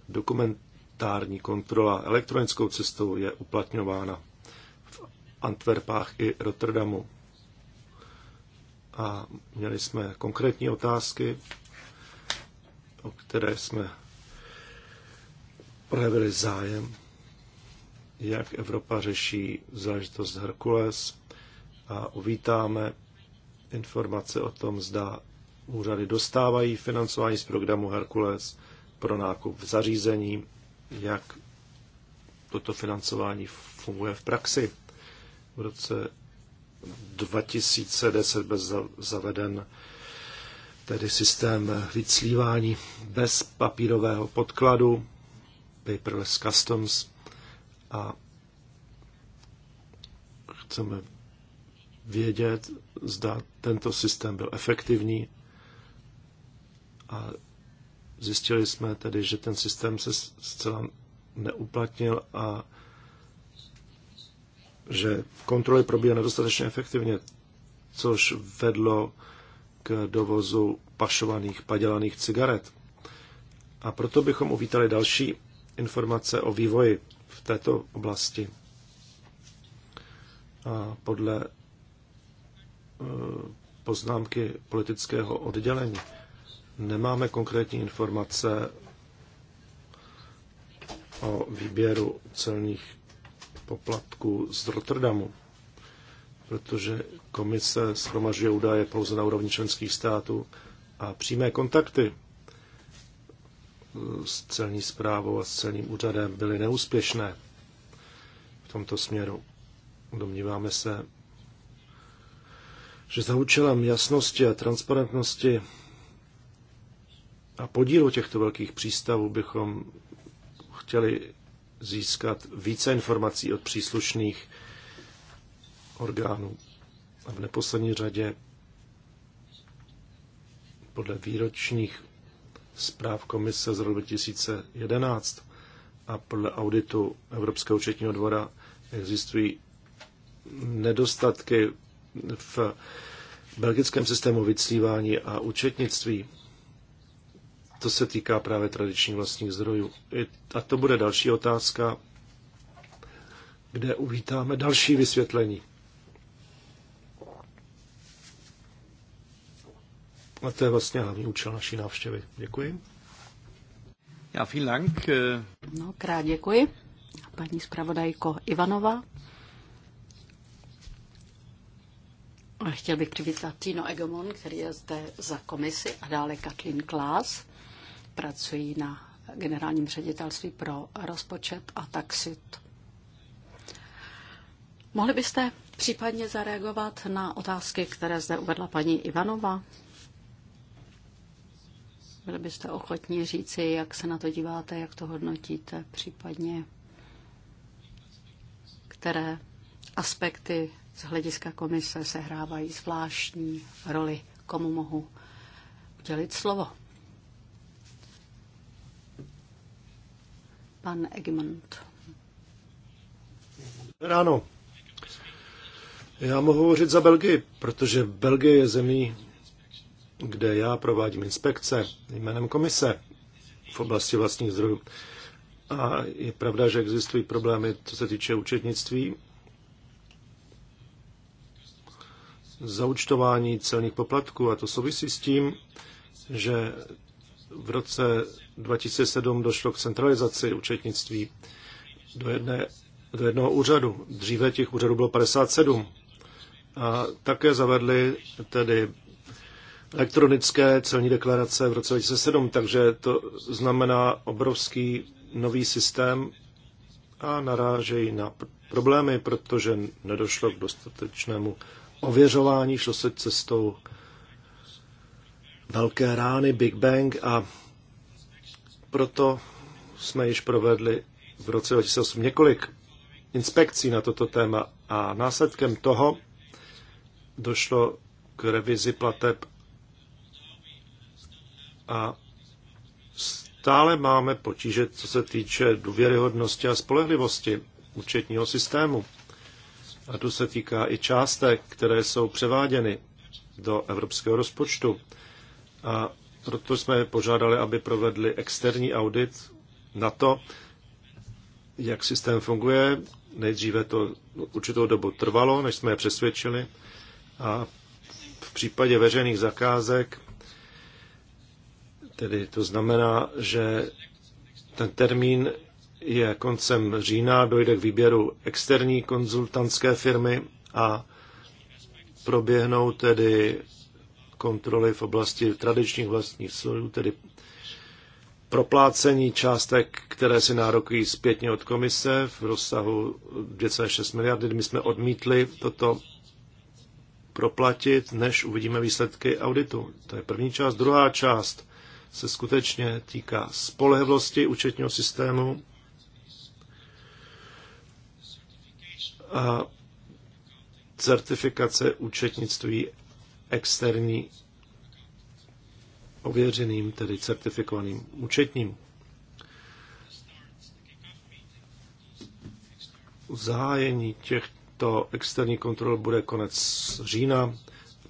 dokumentární kontrola elektronickou cestou je uplatňována v Antwerpách i Rotterdamu. A měli jsme konkrétní otázky, o které jsme projevili zájem, jak Evropa řeší záležitost Herkules a uvítáme informace o tom, zda úřady dostávají financování z programu Herkules pro nákup v zařízení, jak toto financování funguje v praxi. V roce 2010 byl zaveden tedy systém vyclívání bez papírového podkladu, paperless customs a chceme vědět, zda tento systém byl efektivní. A zjistili jsme tedy, že ten systém se zcela neuplatnil a že kontroly probíhaly nedostatečně efektivně, což vedlo k dovozu pašovaných, padělaných cigaret. A proto bychom uvítali další informace o vývoji v této oblasti. A podle Eh, poznámky politického oddělení. Nemáme konkrétní informace o výběru celních poplatků z Rotterdamu, protože komise schromažuje údaje pouze na úrovni členských států a přímé kontakty eh, s celní zprávou a s celním úřadem byly neúspěšné v tomto směru. Domníváme se, že za účelem jasnosti a transparentnosti a podílu těchto velkých přístavů bychom chtěli získat více informací od příslušných orgánů. A v neposlední řadě podle výročních zpráv komise z roku 2011 a podle auditu Evropského účetního dvora existují nedostatky v belgickém systému vyclívání a účetnictví. To se týká právě tradičních vlastních zdrojů. A to bude další otázka, kde uvítáme další vysvětlení. A to je vlastně hlavní účel naší návštěvy. Děkuji. Já vielen Dank. Eh. krát děkuji. Paní zpravodajko Ivanova, Chtěl bych přivítat Tino Egomon, který je zde za komisi a dále Katlin Klás. Pracují na generálním ředitelství pro rozpočet a taxit. Mohli byste případně zareagovat na otázky, které zde uvedla paní Ivanova? Byli byste ochotní říci, jak se na to díváte, jak to hodnotíte, případně které aspekty z hlediska komise sehrávají zvláštní roli, komu mohu udělit slovo. Pan Egmont. Ráno. Já mohu hovořit za Belgii, protože Belgie je zemí, kde já provádím inspekce jménem komise v oblasti vlastních zdrojů. A je pravda, že existují problémy, co se týče účetnictví zaučtování celních poplatků a to souvisí s tím, že v roce 2007 došlo k centralizaci účetnictví do, jedné, do jednoho úřadu. Dříve těch úřadů bylo 57. A také zavedli tedy elektronické celní deklarace v roce 2007, takže to znamená obrovský nový systém a narážejí na problémy, protože nedošlo k dostatečnému ověřování, šlo se cestou velké rány, Big Bang a proto jsme již provedli v roce 2008 několik inspekcí na toto téma a následkem toho došlo k revizi plateb a stále máme potíže, co se týče důvěryhodnosti a spolehlivosti účetního systému a to se týká i částek, které jsou převáděny do evropského rozpočtu. A proto jsme požádali, aby provedli externí audit na to, jak systém funguje. Nejdříve to určitou dobu trvalo, než jsme je přesvědčili. A v případě veřejných zakázek, tedy to znamená, že ten termín je koncem října, dojde k výběru externí konzultantské firmy a proběhnou tedy kontroly v oblasti tradičních vlastních služů, tedy proplácení částek, které si nárokují zpětně od komise v rozsahu 2,6 miliardy. My jsme odmítli toto proplatit, než uvidíme výsledky auditu. To je první část. Druhá část se skutečně týká spolehlivosti účetního systému a certifikace účetnictví externí ověřeným, tedy certifikovaným účetním. Zahájení těchto externí kontrol bude konec října,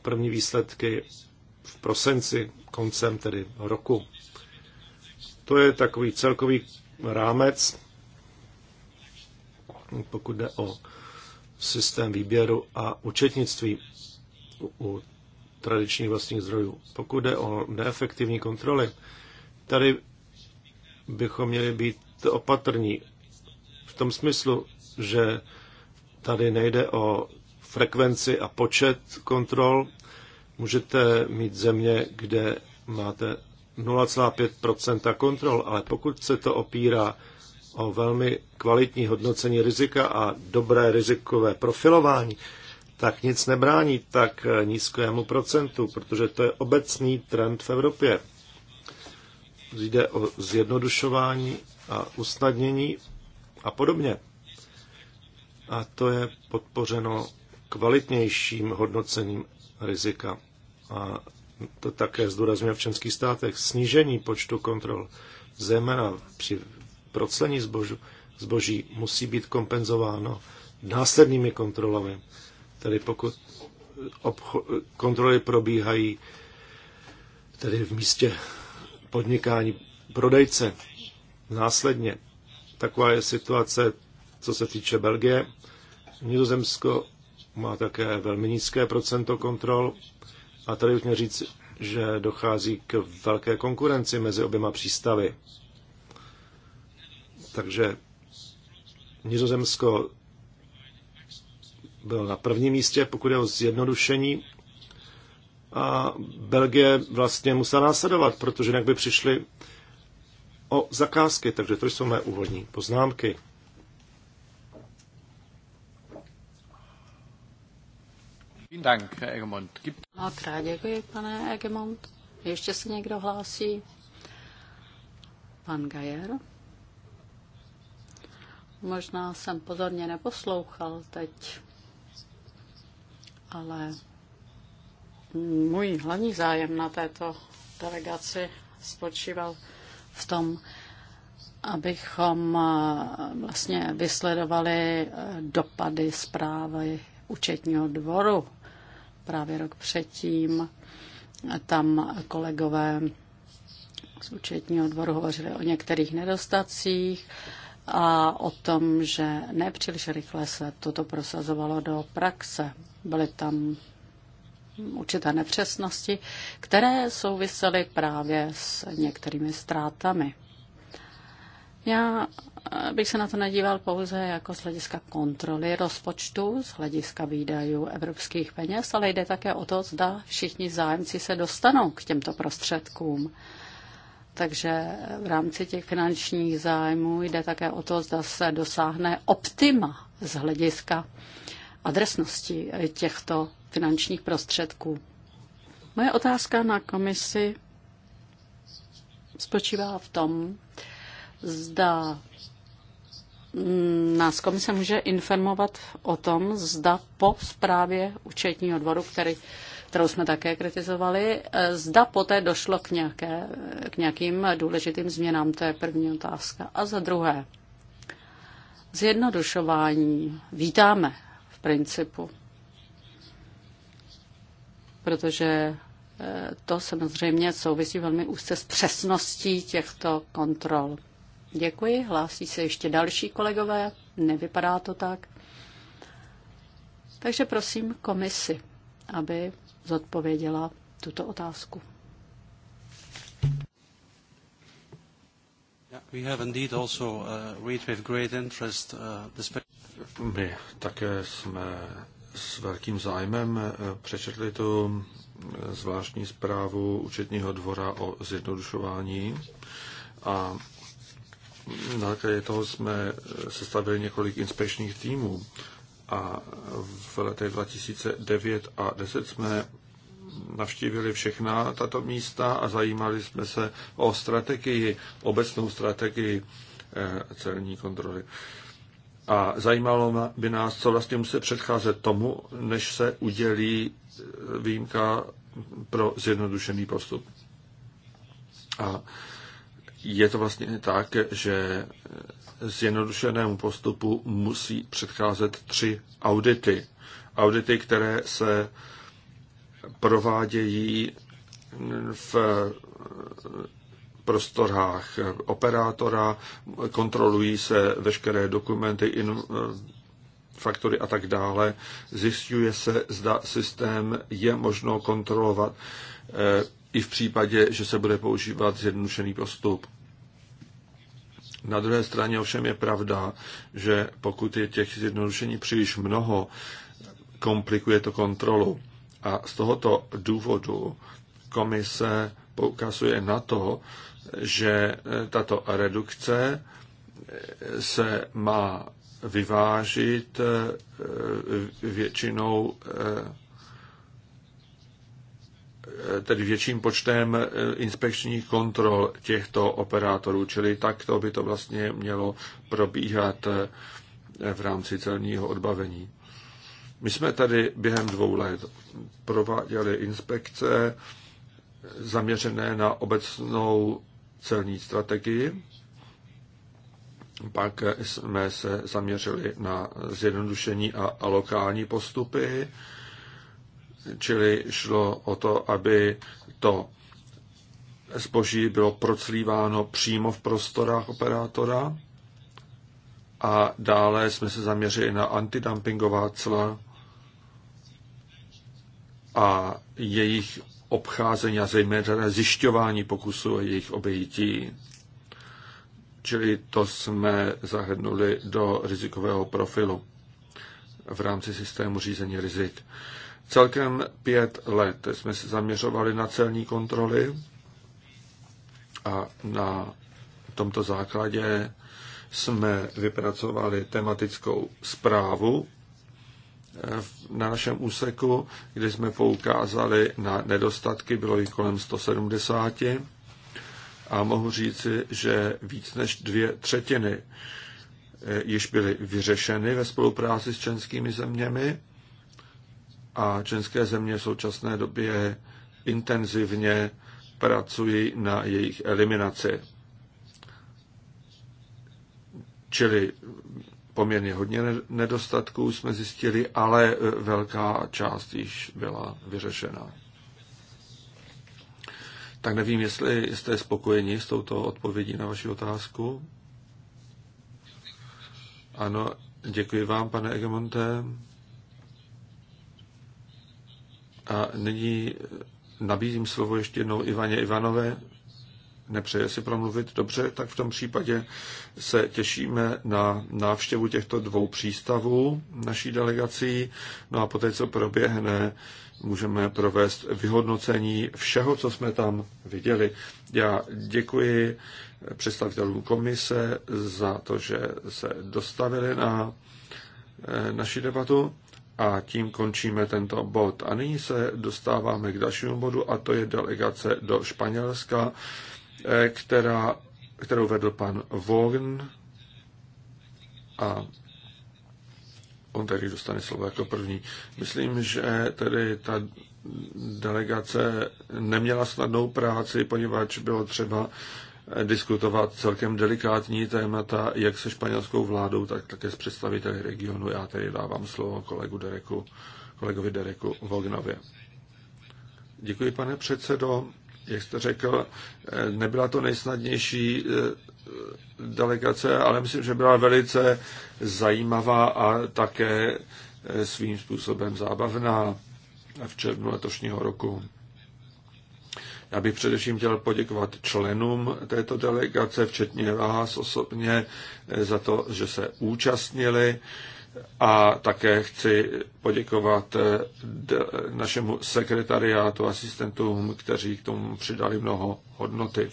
první výsledky v prosinci, koncem tedy roku. To je takový celkový rámec, pokud jde o systém výběru a účetnictví u tradičních vlastních zdrojů. Pokud jde o neefektivní kontroly, tady bychom měli být opatrní v tom smyslu, že tady nejde o frekvenci a počet kontrol. Můžete mít země, kde máte 0,5 kontrol, ale pokud se to opírá o velmi kvalitní hodnocení rizika a dobré rizikové profilování, tak nic nebrání tak nízkému procentu, protože to je obecný trend v Evropě. Jde o zjednodušování a usnadnění a podobně. A to je podpořeno kvalitnějším hodnocením rizika. A to také zdůrazňuje v členských státech snížení počtu kontrol, zejména při procení zbožu, zboží musí být kompenzováno následnými kontrolami. Tedy pokud eh, obcho- eh, kontroly probíhají tedy v místě podnikání prodejce následně. Taková je situace, co se týče Belgie. Nizozemsko má také velmi nízké procento kontrol a tady už mě říct, že dochází k velké konkurenci mezi oběma přístavy takže Nizozemsko bylo na prvním místě, pokud je o zjednodušení. A Belgie vlastně musela následovat, protože jinak by přišli o zakázky. Takže to jsou mé úvodní poznámky. Mnohokrát děkuji, pane Egemont. Ještě se někdo hlásí? Pan Gajer. Možná jsem pozorně neposlouchal teď, ale můj hlavní zájem na této delegaci spočíval v tom, abychom eh, vlastně vysledovali eh, dopady zprávy účetního dvoru právě rok předtím. Tam kolegové z účetního dvoru hovořili o některých nedostacích a o tom, že nepříliš rychle se toto prosazovalo do praxe. Byly tam určité nepřesnosti, které souvisely právě s některými ztrátami. Já bych se na to nedíval pouze jako z hlediska kontroly rozpočtu, z hlediska výdajů evropských peněz, ale jde také o to, zda všichni zájemci se dostanou k těmto prostředkům. Takže v rámci těch finančních zájmů jde také o to, zda se dosáhne optima z hlediska adresnosti těchto finančních prostředků. Moje otázka na komisi spočívá v tom, zda mm, nás komise může informovat o tom, zda po zprávě účetního dvoru, který kterou jsme také kritizovali. E, zda poté došlo k, nějaké, k nějakým důležitým změnám, to je první otázka. A za druhé, zjednodušování vítáme v principu, protože e, to samozřejmě souvisí velmi úzce s přesností těchto kontrol. Děkuji. Hlásí se ještě další kolegové. Nevypadá to tak. Takže prosím komisi, aby zodpověděla tuto otázku. Uh, uh, My také jsme s velkým zájmem uh, přečetli tu zvláštní zprávu účetního dvora o zjednodušování a na základě toho jsme sestavili několik inspečních týmů a v letech 2009 a 10 jsme navštívili všechna tato místa a zajímali jsme se o strategii, obecnou strategii eh, celní kontroly. A zajímalo by nás, co vlastně musí předcházet tomu, než se udělí eh, výjimka pro zjednodušený postup. A je to vlastně tak, že zjednodušenému postupu musí předcházet tři audity. Audity, které se provádějí v prostorách operátora, kontrolují se veškeré dokumenty, faktory a tak dále. Zjišťuje se, zda systém je možno kontrolovat i v případě, že se bude používat zjednodušený postup. Na druhé straně ovšem je pravda, že pokud je těch zjednodušení příliš mnoho, komplikuje to kontrolu. A z tohoto důvodu komise poukazuje na to, že e, tato redukce e, se má vyvážit e, většinou tedy větším počtem eh, inspekčních kontrol těchto operátorů, čili takto by to vlastně mělo probíhat eh, v rámci celního odbavení. My jsme tady během dvou let prováděli inspekce eh, zaměřené na obecnou celní strategii. Pak jsme se zaměřili na zjednodušení a lokální postupy Čili šlo o to, aby to zboží bylo proclíváno přímo v prostorách operátora a dále jsme se zaměřili na antidumpingová cla a jejich obcházení a zejména zjišťování pokusu a jejich obejití. Čili to jsme zahrnuli do rizikového profilu v rámci systému řízení rizik. Celkem pět let jsme se zaměřovali na celní kontroly a na tomto základě jsme vypracovali tematickou zprávu eh, na našem úseku, kde jsme poukázali na nedostatky, bylo jich kolem 170. A mohu říci, že víc než dvě třetiny eh, již byly vyřešeny ve spolupráci s členskými zeměmi a členské země v současné době intenzivně pracují na jejich eliminaci. Čili poměrně hodně nedostatků jsme zjistili, ale e, velká část již byla vyřešena. Tak nevím, jestli jste spokojeni s touto odpovědí na vaši otázku. Ano, děkuji vám, pane Egemonte. A nyní nabízím slovo ještě jednou Ivaně Ivanové. Nepřeje si promluvit dobře, tak v tom případě se těšíme na návštěvu těchto dvou přístavů naší delegací. No a poté, co proběhne, můžeme provést vyhodnocení všeho, co jsme tam viděli. Já děkuji představitelům komise za to, že se dostavili na eh, naši debatu. A tím končíme tento bod. A nyní se dostáváme k dalšímu bodu, a to je delegace do Španělska, eh, která, kterou vedl pan Vogn. A on tedy dostane slovo jako první. Myslím, že tedy ta delegace neměla snadnou práci, poněvadž bylo třeba diskutovat celkem delikátní témata, jak se španělskou vládou, tak také s představiteli regionu. Já tedy dávám slovo kolegu Dereku, kolegovi Dereku Vognově. Děkuji, pane předsedo. Jak jste řekl, eh, nebyla to nejsnadnější eh, delegace, ale myslím, že byla velice zajímavá a také eh, svým způsobem zábavná v červnu letošního roku. Já bych především chtěl poděkovat členům této delegace, včetně vás osobně, za to, že se účastnili a také chci poděkovat eh, našemu sekretariátu, asistentům, kteří k tomu přidali mnoho hodnoty.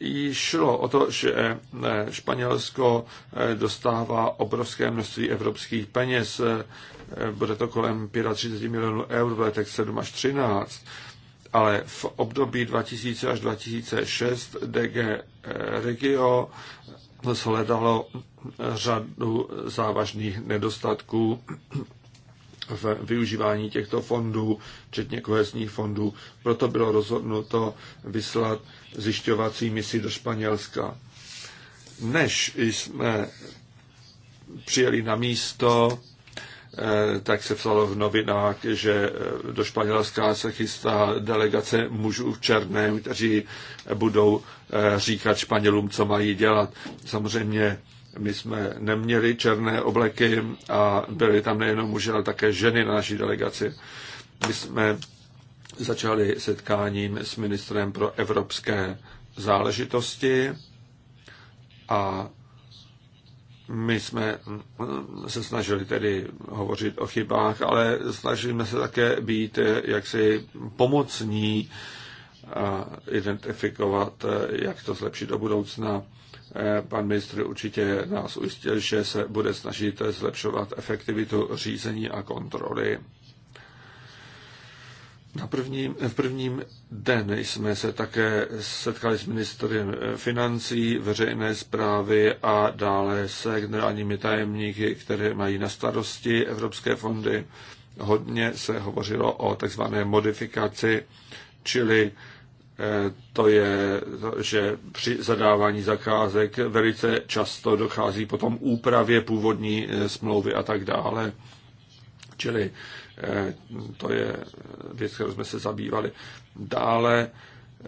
Jí šlo o to, že eh, Španělsko eh, dostává obrovské množství evropských peněz, bude to kolem 35 milionů eur v letech 7 až 13 ale v období 2000 až 2006 DG eh, Regio shledalo řadu závažných nedostatků v využívání těchto fondů, včetně kohezních fondů. Proto bylo rozhodnuto vyslat zjišťovací misi do Španělska. Než jsme přijeli na místo, Eh, tak se psalo v novinách, že eh, do Španělska se chystá delegace mužů v černém, kteří budou eh, říkat Španělům, co mají dělat. Samozřejmě my jsme neměli černé obleky a byli tam nejenom muži, ale také ženy na naší delegaci. My jsme začali setkáním s ministrem pro evropské záležitosti a my jsme mm, se snažili tedy hovořit o chybách, ale snažíme se také být eh, jaksi pomocní a identifikovat, eh, jak to zlepšit do budoucna. Eh, pan ministr určitě nás ujistil, že se bude snažit zlepšovat efektivitu řízení a kontroly. Na prvním, v prvním den jsme se také setkali s ministrem eh, financí, veřejné zprávy a dále se generálními tajemníky, které mají na starosti evropské fondy. Hodně se hovořilo o takzvané modifikaci, čili eh, to je, že při zadávání zakázek velice často dochází potom úpravě původní eh, smlouvy a tak dále. Čili eh, to je věc, kterou jsme se zabývali. Dále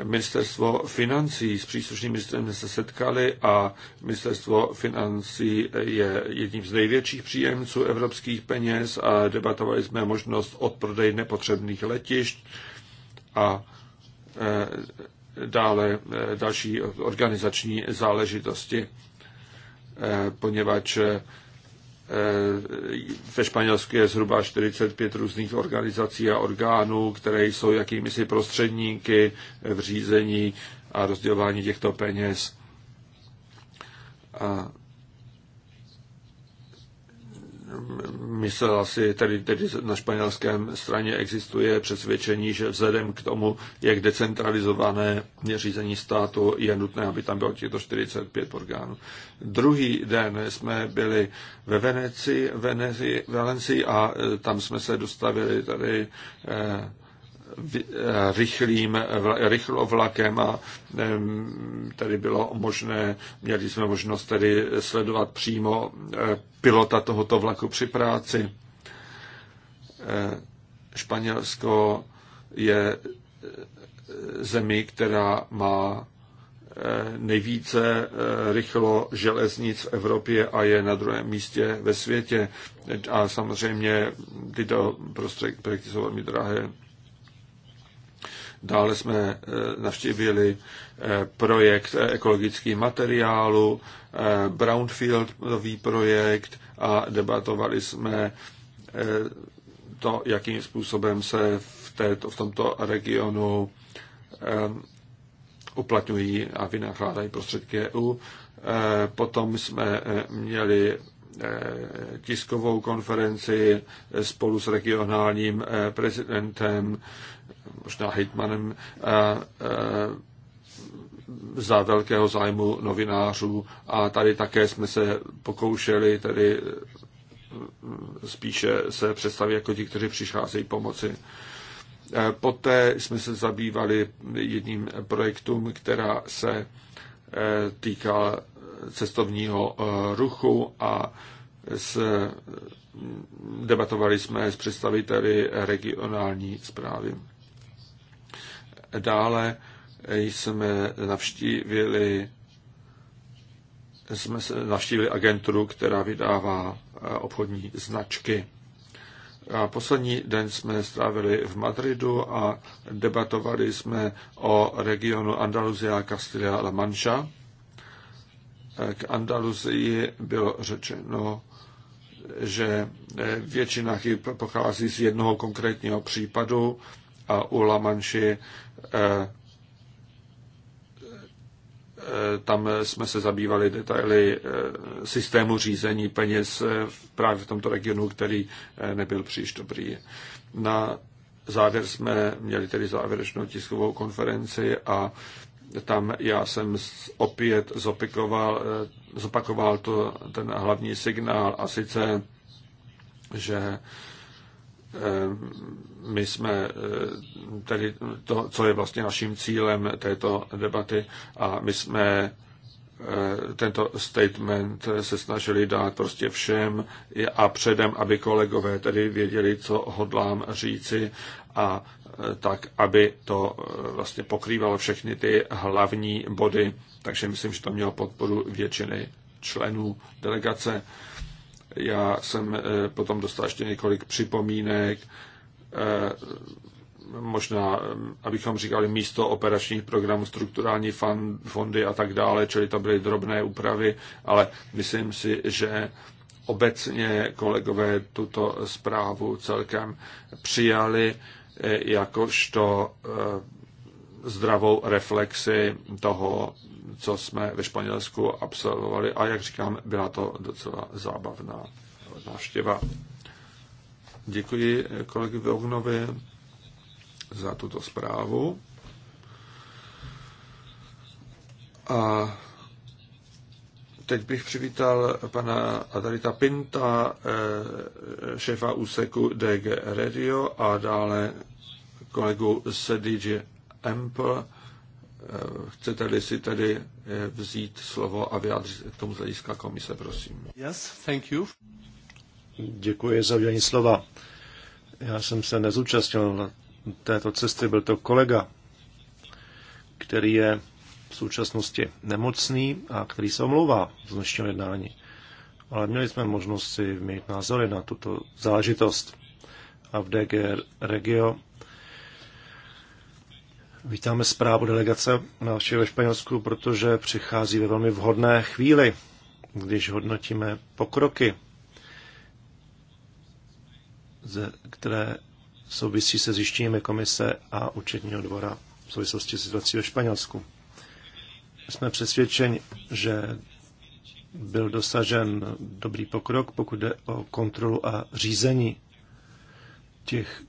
ministerstvo financí, s příslušným ministrem jsme se setkali a ministerstvo financí je jedním z největších příjemců evropských peněz a debatovali jsme možnost odprodej nepotřebných letišť a eh, dále eh, další organizační záležitosti, poněvadž Eh, ve Španělsku je zhruba 45 různých organizací a orgánů, které jsou jakýmisi prostředníky v řízení a rozdělování těchto peněz. A myslela si, tedy, tedy na španělském straně existuje přesvědčení, že vzhledem k tomu, jak decentralizované je řízení státu, je nutné, aby tam bylo těchto 45 orgánů. Druhý den jsme byli ve Veneci, Veneci, Valencii a e, tam jsme se dostavili tady eh, Eh, rychlým, rychlovlakem a tady bylo možné, měli jsme možnost tady sledovat přímo eh, pilota tohoto vlaku při práci. Eh, Španělsko je zemi, která má nejvíce rychlo železnic v Evropě a je na druhém místě ve světě. A samozřejmě tyto prostředky jsou velmi drahé. Dále jsme eh, navštívili eh, projekt eh, ekologických materiálu, brownfieldový projekt a debatovali jsme to, jakým způsobem se v, této, v tomto regionu uplatňují a vynakládají prostředky EU. Potom jsme měli Eh, tiskovou konferenci spolu s regionálním eh, prezidentem, možná hitmanem, za velkého zájmu novinářů a tady také jsme se pokoušeli tedy eh, spíše se představit jako ti, kteří přicházejí pomoci. Poté jsme se zabývali jedním projektům, která se týkal cestovního eh, ruchu a s, mm, debatovali jsme s představiteli regionální zprávy. Dále jsme navštívili jsme navštívili agenturu, která vydává eh, obchodní značky. A poslední den jsme strávili v Madridu a debatovali jsme o regionu Andaluzia a Castilla La Mancha k Andaluzii bylo řečeno, že většina chyb pochází z jednoho konkrétního případu a u La eh, eh, tam jsme se zabývali detaily eh, systému řízení peněz právě v tomto regionu, který nebyl příliš dobrý. Na závěr jsme měli tedy závěrečnou tiskovou konferenci a tam já jsem opět zopakoval, eh, zopakoval to, ten hlavní signál a sice, že eh, my jsme eh, tedy to, co je vlastně naším cílem této debaty a my jsme tento statement se snažili dát prostě všem a předem, aby kolegové tedy věděli, co hodlám říci a tak aby to eh, vlastně pokrývalo všechny ty hlavní body. Takže myslím, že to mělo podporu většiny členů delegace. Já jsem eh, potom dostal ještě několik připomínek, eh, možná, abychom říkali, místo operačních programů, strukturální fondy a tak dále, čili to byly drobné úpravy, ale myslím si, že obecně kolegové tuto zprávu celkem přijali jakožto eh, zdravou reflexi toho, co jsme ve Španělsku absolvovali. A jak říkám, byla to docela zábavná návštěva. Děkuji eh, kolegy Vognovi za tuto zprávu. A teď bych přivítal pana Adarita Pinta, eh, šéfa úseku DG Radio a dále kolegu z DG Ample. Eh, chcete-li si tedy eh, vzít slovo a vyjádřit k tomu z hlediska komise, prosím. Yes, thank you. Děkuji za udělení slova. Já jsem se nezúčastnil na této cesty, byl to kolega, který je v současnosti nemocný a který se omlouvá z dnešního jednání. Ale měli jsme možnost si mít názory na tuto záležitost. A v DG Regio Vítáme zprávu delegace na návštěvy ve Španělsku, protože přichází ve velmi vhodné chvíli, když hodnotíme pokroky, které souvisí se zjištěními komise a účetního dvora v souvislosti s situací ve Španělsku. Jsme přesvědčeni, že byl dosažen dobrý pokrok, pokud jde o kontrolu a řízení těch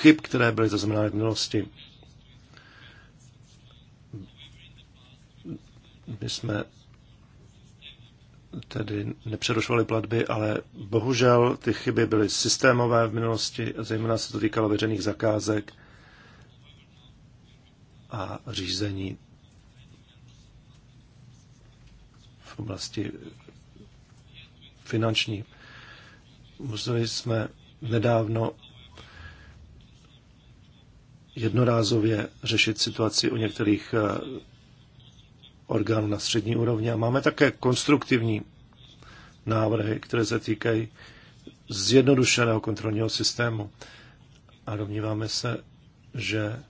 chyb, které byly zaznamenány v minulosti. My jsme tedy nepřerušovali platby, ale bohužel ty chyby byly systémové v minulosti, zejména se to týkalo veřejných zakázek a řízení v oblasti finanční. Museli jsme nedávno jednorázově řešit situaci u některých eh, orgánů na střední úrovni. A máme také konstruktivní návrhy, které se týkají zjednodušeného kontrolního systému. A domníváme se, že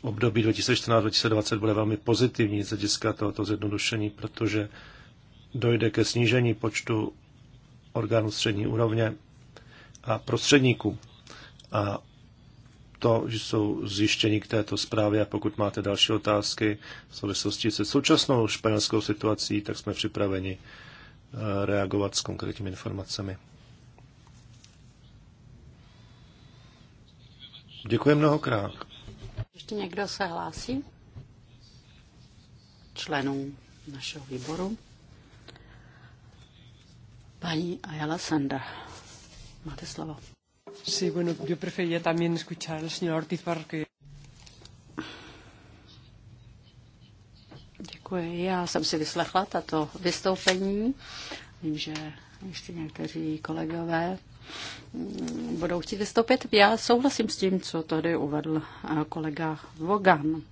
období 2014-2020 bude velmi pozitivní z hlediska tohoto zjednodušení, protože dojde ke snížení počtu orgánů střední úrovně a prostředníků. A to, že jsou zjištění k této zprávě a pokud máte další otázky v souvislosti se současnou španělskou situací, tak jsme připraveni eh, reagovat s konkrétními informacemi. Děkuji mnohokrát. Ještě někdo se hlásí? Členů našeho výboru. Paní Ayala Sanda, máte slovo. Sí, bueno, yo también escuchar al señor Ortiz porque... Děkuji. Já jsem si vyslechla tato vystoupení. Vím, že ještě někteří kolegové mm, budou chtít vystoupit. Já souhlasím s tím, co tady uvedl eh, kolega Vogan.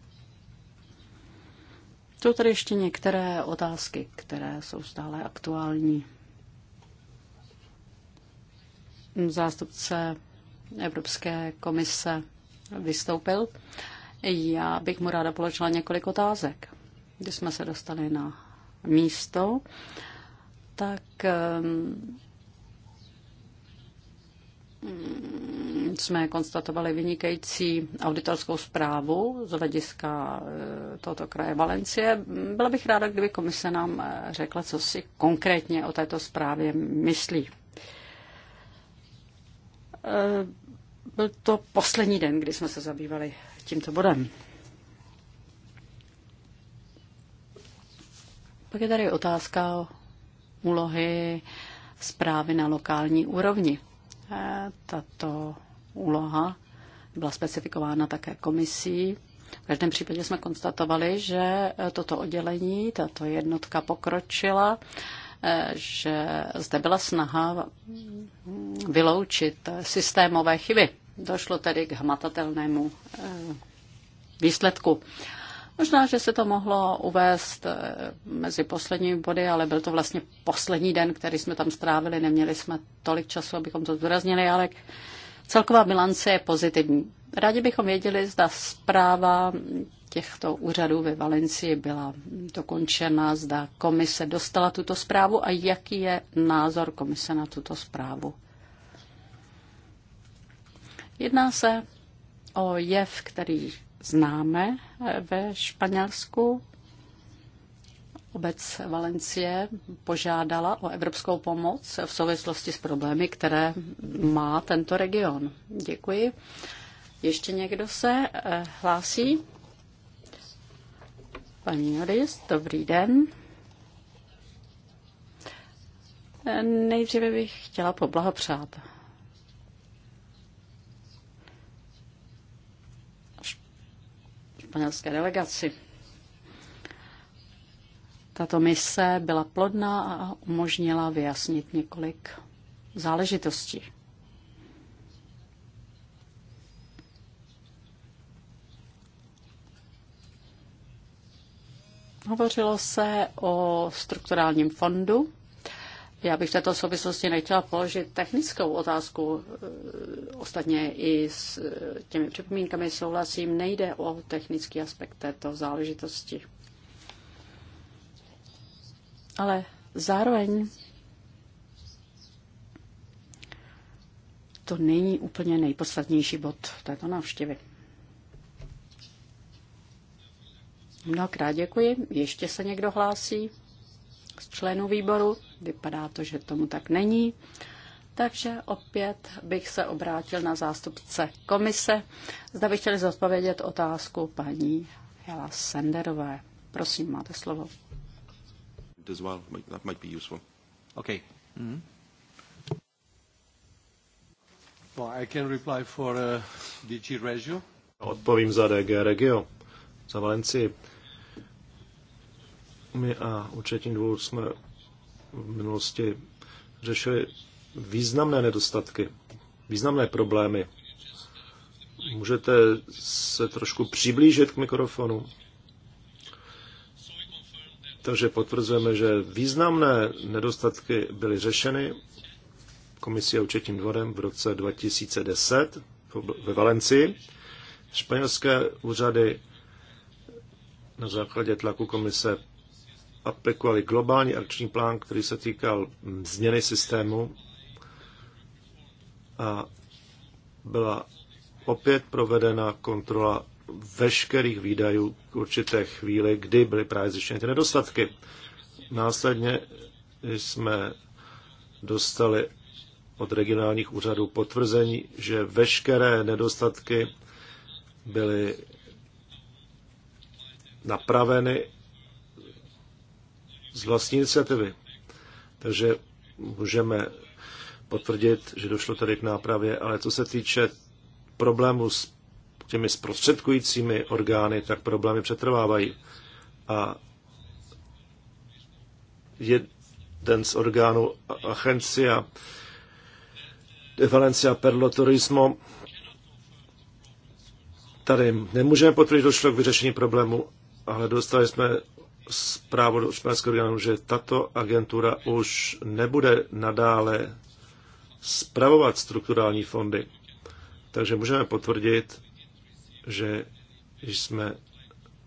Jsou tady ještě některé otázky, které jsou stále aktuální zástupce Evropské komise vystoupil. Já bych mu ráda položila několik otázek. Když jsme se dostali na místo, tak ehm, jsme konstatovali vynikající auditorskou zprávu z hlediska eh, tohoto kraje Valencie. Byla bych ráda, kdyby komise nám eh, řekla, co si konkrétně o této zprávě myslí. Eh, byl to poslední den, kdy jsme se zabývali tímto bodem. Pak je tady otázka úlohy zprávy na lokální úrovni. Eh, tato úloha byla specifikována také komisí. V každém případě jsme konstatovali, že toto oddělení, tato jednotka pokročila že zde byla snaha vyloučit systémové chyby. Došlo tedy k hmatatelnému eh, výsledku. Možná, že se to mohlo uvést eh, mezi posledními body, ale byl to vlastně poslední den, který jsme tam strávili. Neměli jsme tolik času, abychom to zdůraznili, ale celková bilance je pozitivní. Rádi bychom věděli, zda zpráva těchto úřadů ve Valencii byla dokončena, zda komise dostala tuto zprávu a jaký je názor komise na tuto zprávu. Jedná se o jev, který známe ve Španělsku. Obec Valencie požádala o evropskou pomoc v souvislosti s problémy, které má tento region. Děkuji. Ještě někdo se eh, hlásí? paní Joris, dobrý den. Nejdříve bych chtěla poblahopřát. Španělské delegaci. Tato mise byla plodná a umožnila vyjasnit několik záležitostí. Hovořilo se o strukturálním fondu. Já bych v této souvislosti nechtěla položit technickou otázku. Eh, ostatně i s eh, těmi připomínkami souhlasím, nejde o technický aspekt této záležitosti. Ale zároveň to není úplně nejpodstatnější bod této návštěvy. Mnohokrát děkuji. Ještě se někdo hlásí z členů výboru? Vypadá to, že tomu tak není. Takže opět bych se obrátil na zástupce komise. Zda bych chtěli zodpovědět otázku paní Jela Senderové. Prosím, máte slovo. Mm-hmm. Uh, Odpovím za DG Regio, za Valencii. My a účetní dvůr jsme v minulosti řešili významné nedostatky, významné problémy. Můžete se trošku přiblížit k mikrofonu? Takže potvrzujeme, že významné nedostatky byly řešeny komisí a účetním dvorem v roce 2010 ve Valencii. Španělské úřady na základě tlaku komise aplikovali globální akční plán, který se týkal změny systému a byla opět provedena kontrola veškerých výdajů k určité chvíli, kdy byly právě zjištěny ty nedostatky. Následně jsme dostali od regionálních úřadů potvrzení, že veškeré nedostatky byly napraveny z vlastní iniciativy. Takže můžeme potvrdit, že došlo tady k nápravě, ale co se týče problému s těmi zprostředkujícími orgány, tak problémy přetrvávají. A jeden z orgánů Agencia de Valencia Perlo Turismo tady nemůžeme potvrdit, došlo k vyřešení problému, ale dostali jsme zprávu do španělského orgánu, že tato agentura už nebude nadále spravovat strukturální fondy. Takže můžeme potvrdit, že jsme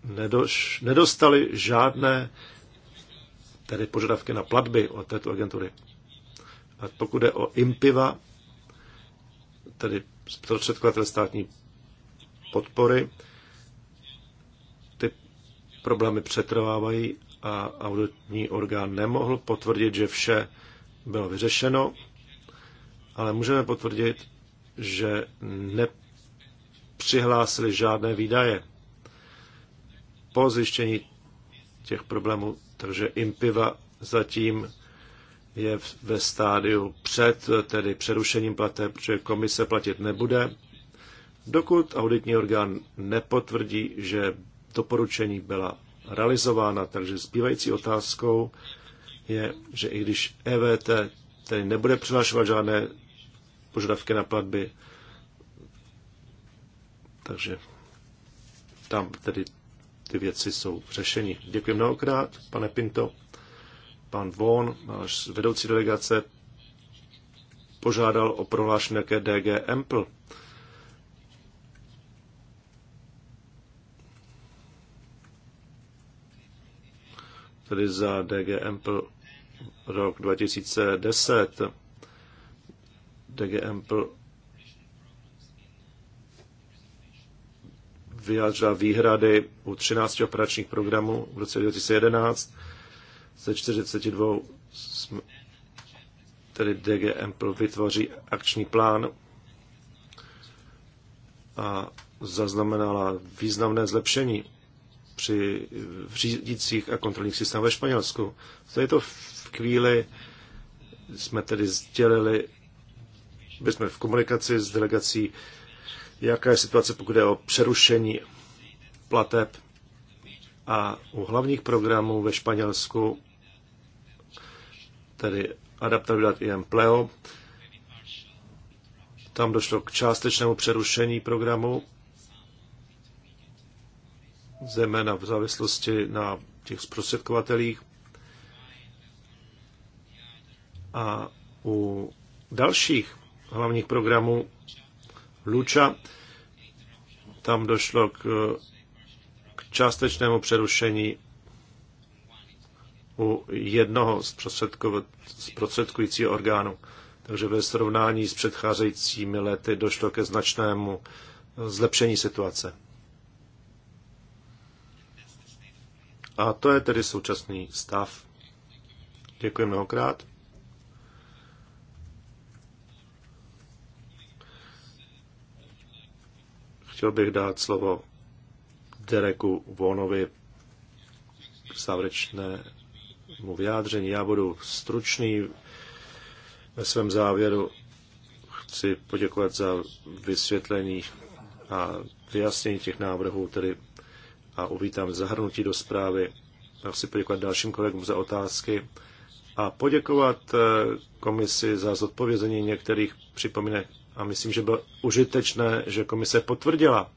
nedoš, nedostali žádné tedy požadavky na platby od této agentury. A pokud je o Impiva, tedy zprostředkovatel státní podpory, problémy přetrvávají a auditní orgán nemohl potvrdit, že vše bylo vyřešeno, ale můžeme potvrdit, že nepřihlásili žádné výdaje po zjištění těch problémů, takže Impiva zatím je ve stádiu před, tedy přerušením plateb, protože komise platit nebude, dokud auditní orgán nepotvrdí, že doporučení byla realizována. Takže zbývající otázkou je, že i když EVT tedy nebude přihlašovat žádné požadavky na platby, takže tam tedy ty věci jsou řešení. Děkuji mnohokrát, pane Pinto. Pan Von, náš vedoucí delegace, požádal o prohlášení nějaké DG Empl tedy za DGM pro rok 2010. DGM pro vyjádřila výhrady u 13 operačních programů v roce 2011 ze 42 jsme, tedy DGM vytvoří akční plán a zaznamenala významné zlepšení při řídících a kontrolních systémech ve Španělsku. V této chvíli jsme tedy sdělili, byli jsme v komunikaci s delegací, jaká je situace, pokud je o přerušení plateb a u hlavních programů ve Španělsku, tedy Adaptabilat i Empleo, tam došlo k částečnému přerušení programu zejména v závislosti na těch zprostředkovatelích. A u dalších hlavních programů Luča tam došlo k, k částečnému přerušení u jednoho zprostředkujícího orgánu. Takže ve srovnání s předcházejícími lety došlo ke značnému zlepšení situace. A to je tedy současný stav. Děkuji mnohokrát. Chtěl bych dát slovo Dereku Vonovi k závěrečnému vyjádření. Já budu stručný ve svém závěru. Chci poděkovat za vysvětlení a vyjasnění těch návrhů, tedy a uvítám zahrnutí do zprávy. Já chci poděkovat dalším kolegům za otázky a poděkovat eh, komisi za zodpovězení některých připomínek. A myslím, že bylo užitečné, že komise potvrdila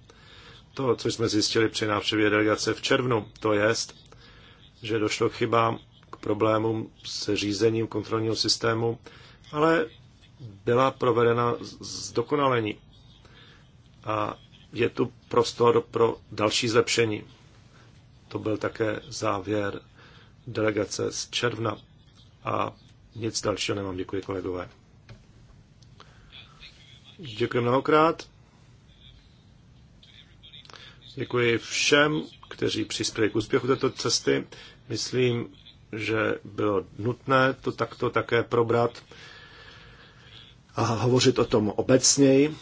to, co jsme zjistili při návštěvě delegace v červnu, to jest, že došlo k chybám, k problémům se řízením kontrolního systému, ale byla provedena zdokonalení. A je tu prostor pro další zlepšení. To byl také závěr delegace z června a nic dalšího nemám. Děkuji kolegové. Děkuji mnohokrát. Děkuji všem, kteří přispěli k úspěchu této cesty. Myslím, že bylo nutné to takto také probrat a hovořit o tom obecněji.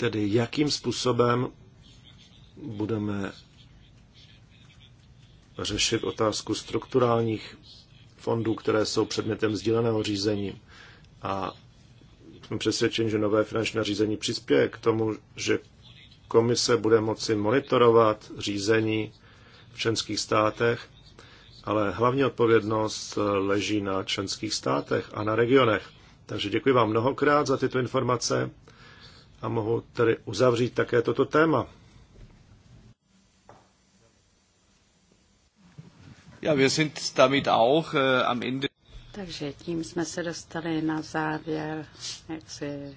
Tedy jakým způsobem budeme řešit otázku strukturálních fondů, které jsou předmětem sdíleného řízení. A jsem přesvědčen, že nové finanční řízení přispěje k tomu, že komise bude moci monitorovat řízení v členských státech, ale hlavní odpovědnost leží na členských státech a na regionech. Takže děkuji vám mnohokrát za tyto informace a mohu tedy uzavřít také toto téma. Ja, wir sind damit auch äh, am Ende. Takže tím jsme se dostali na závěr jaksi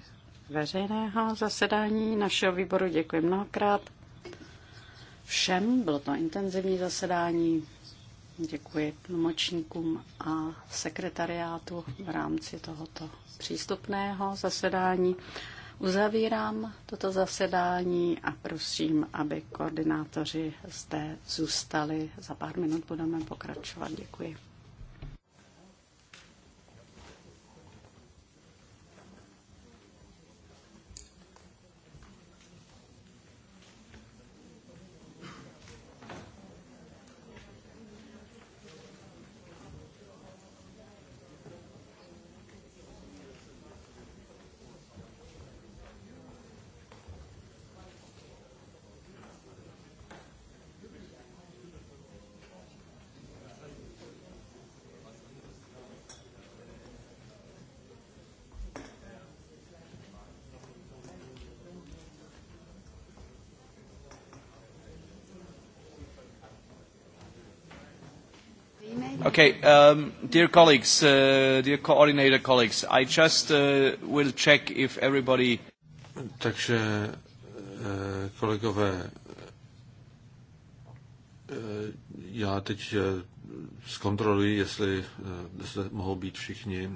veřejného zasedání našeho výboru. Děkuji mnohokrát všem, bylo to intenzivní zasedání. Děkuji tlumočníkům a sekretariátu v rámci tohoto přístupného zasedání. Uzavírám toto zasedání a prosím, aby koordinátoři zde zůstali. Za pár minut budeme pokračovat. Děkuji. Okay, um, dear colleagues, uh, dear coordinator colleagues, I just uh, will check if everybody... Takže, eh, kolegové, eh, já teď eh, zkontroluji, jestli zde mohou být všichni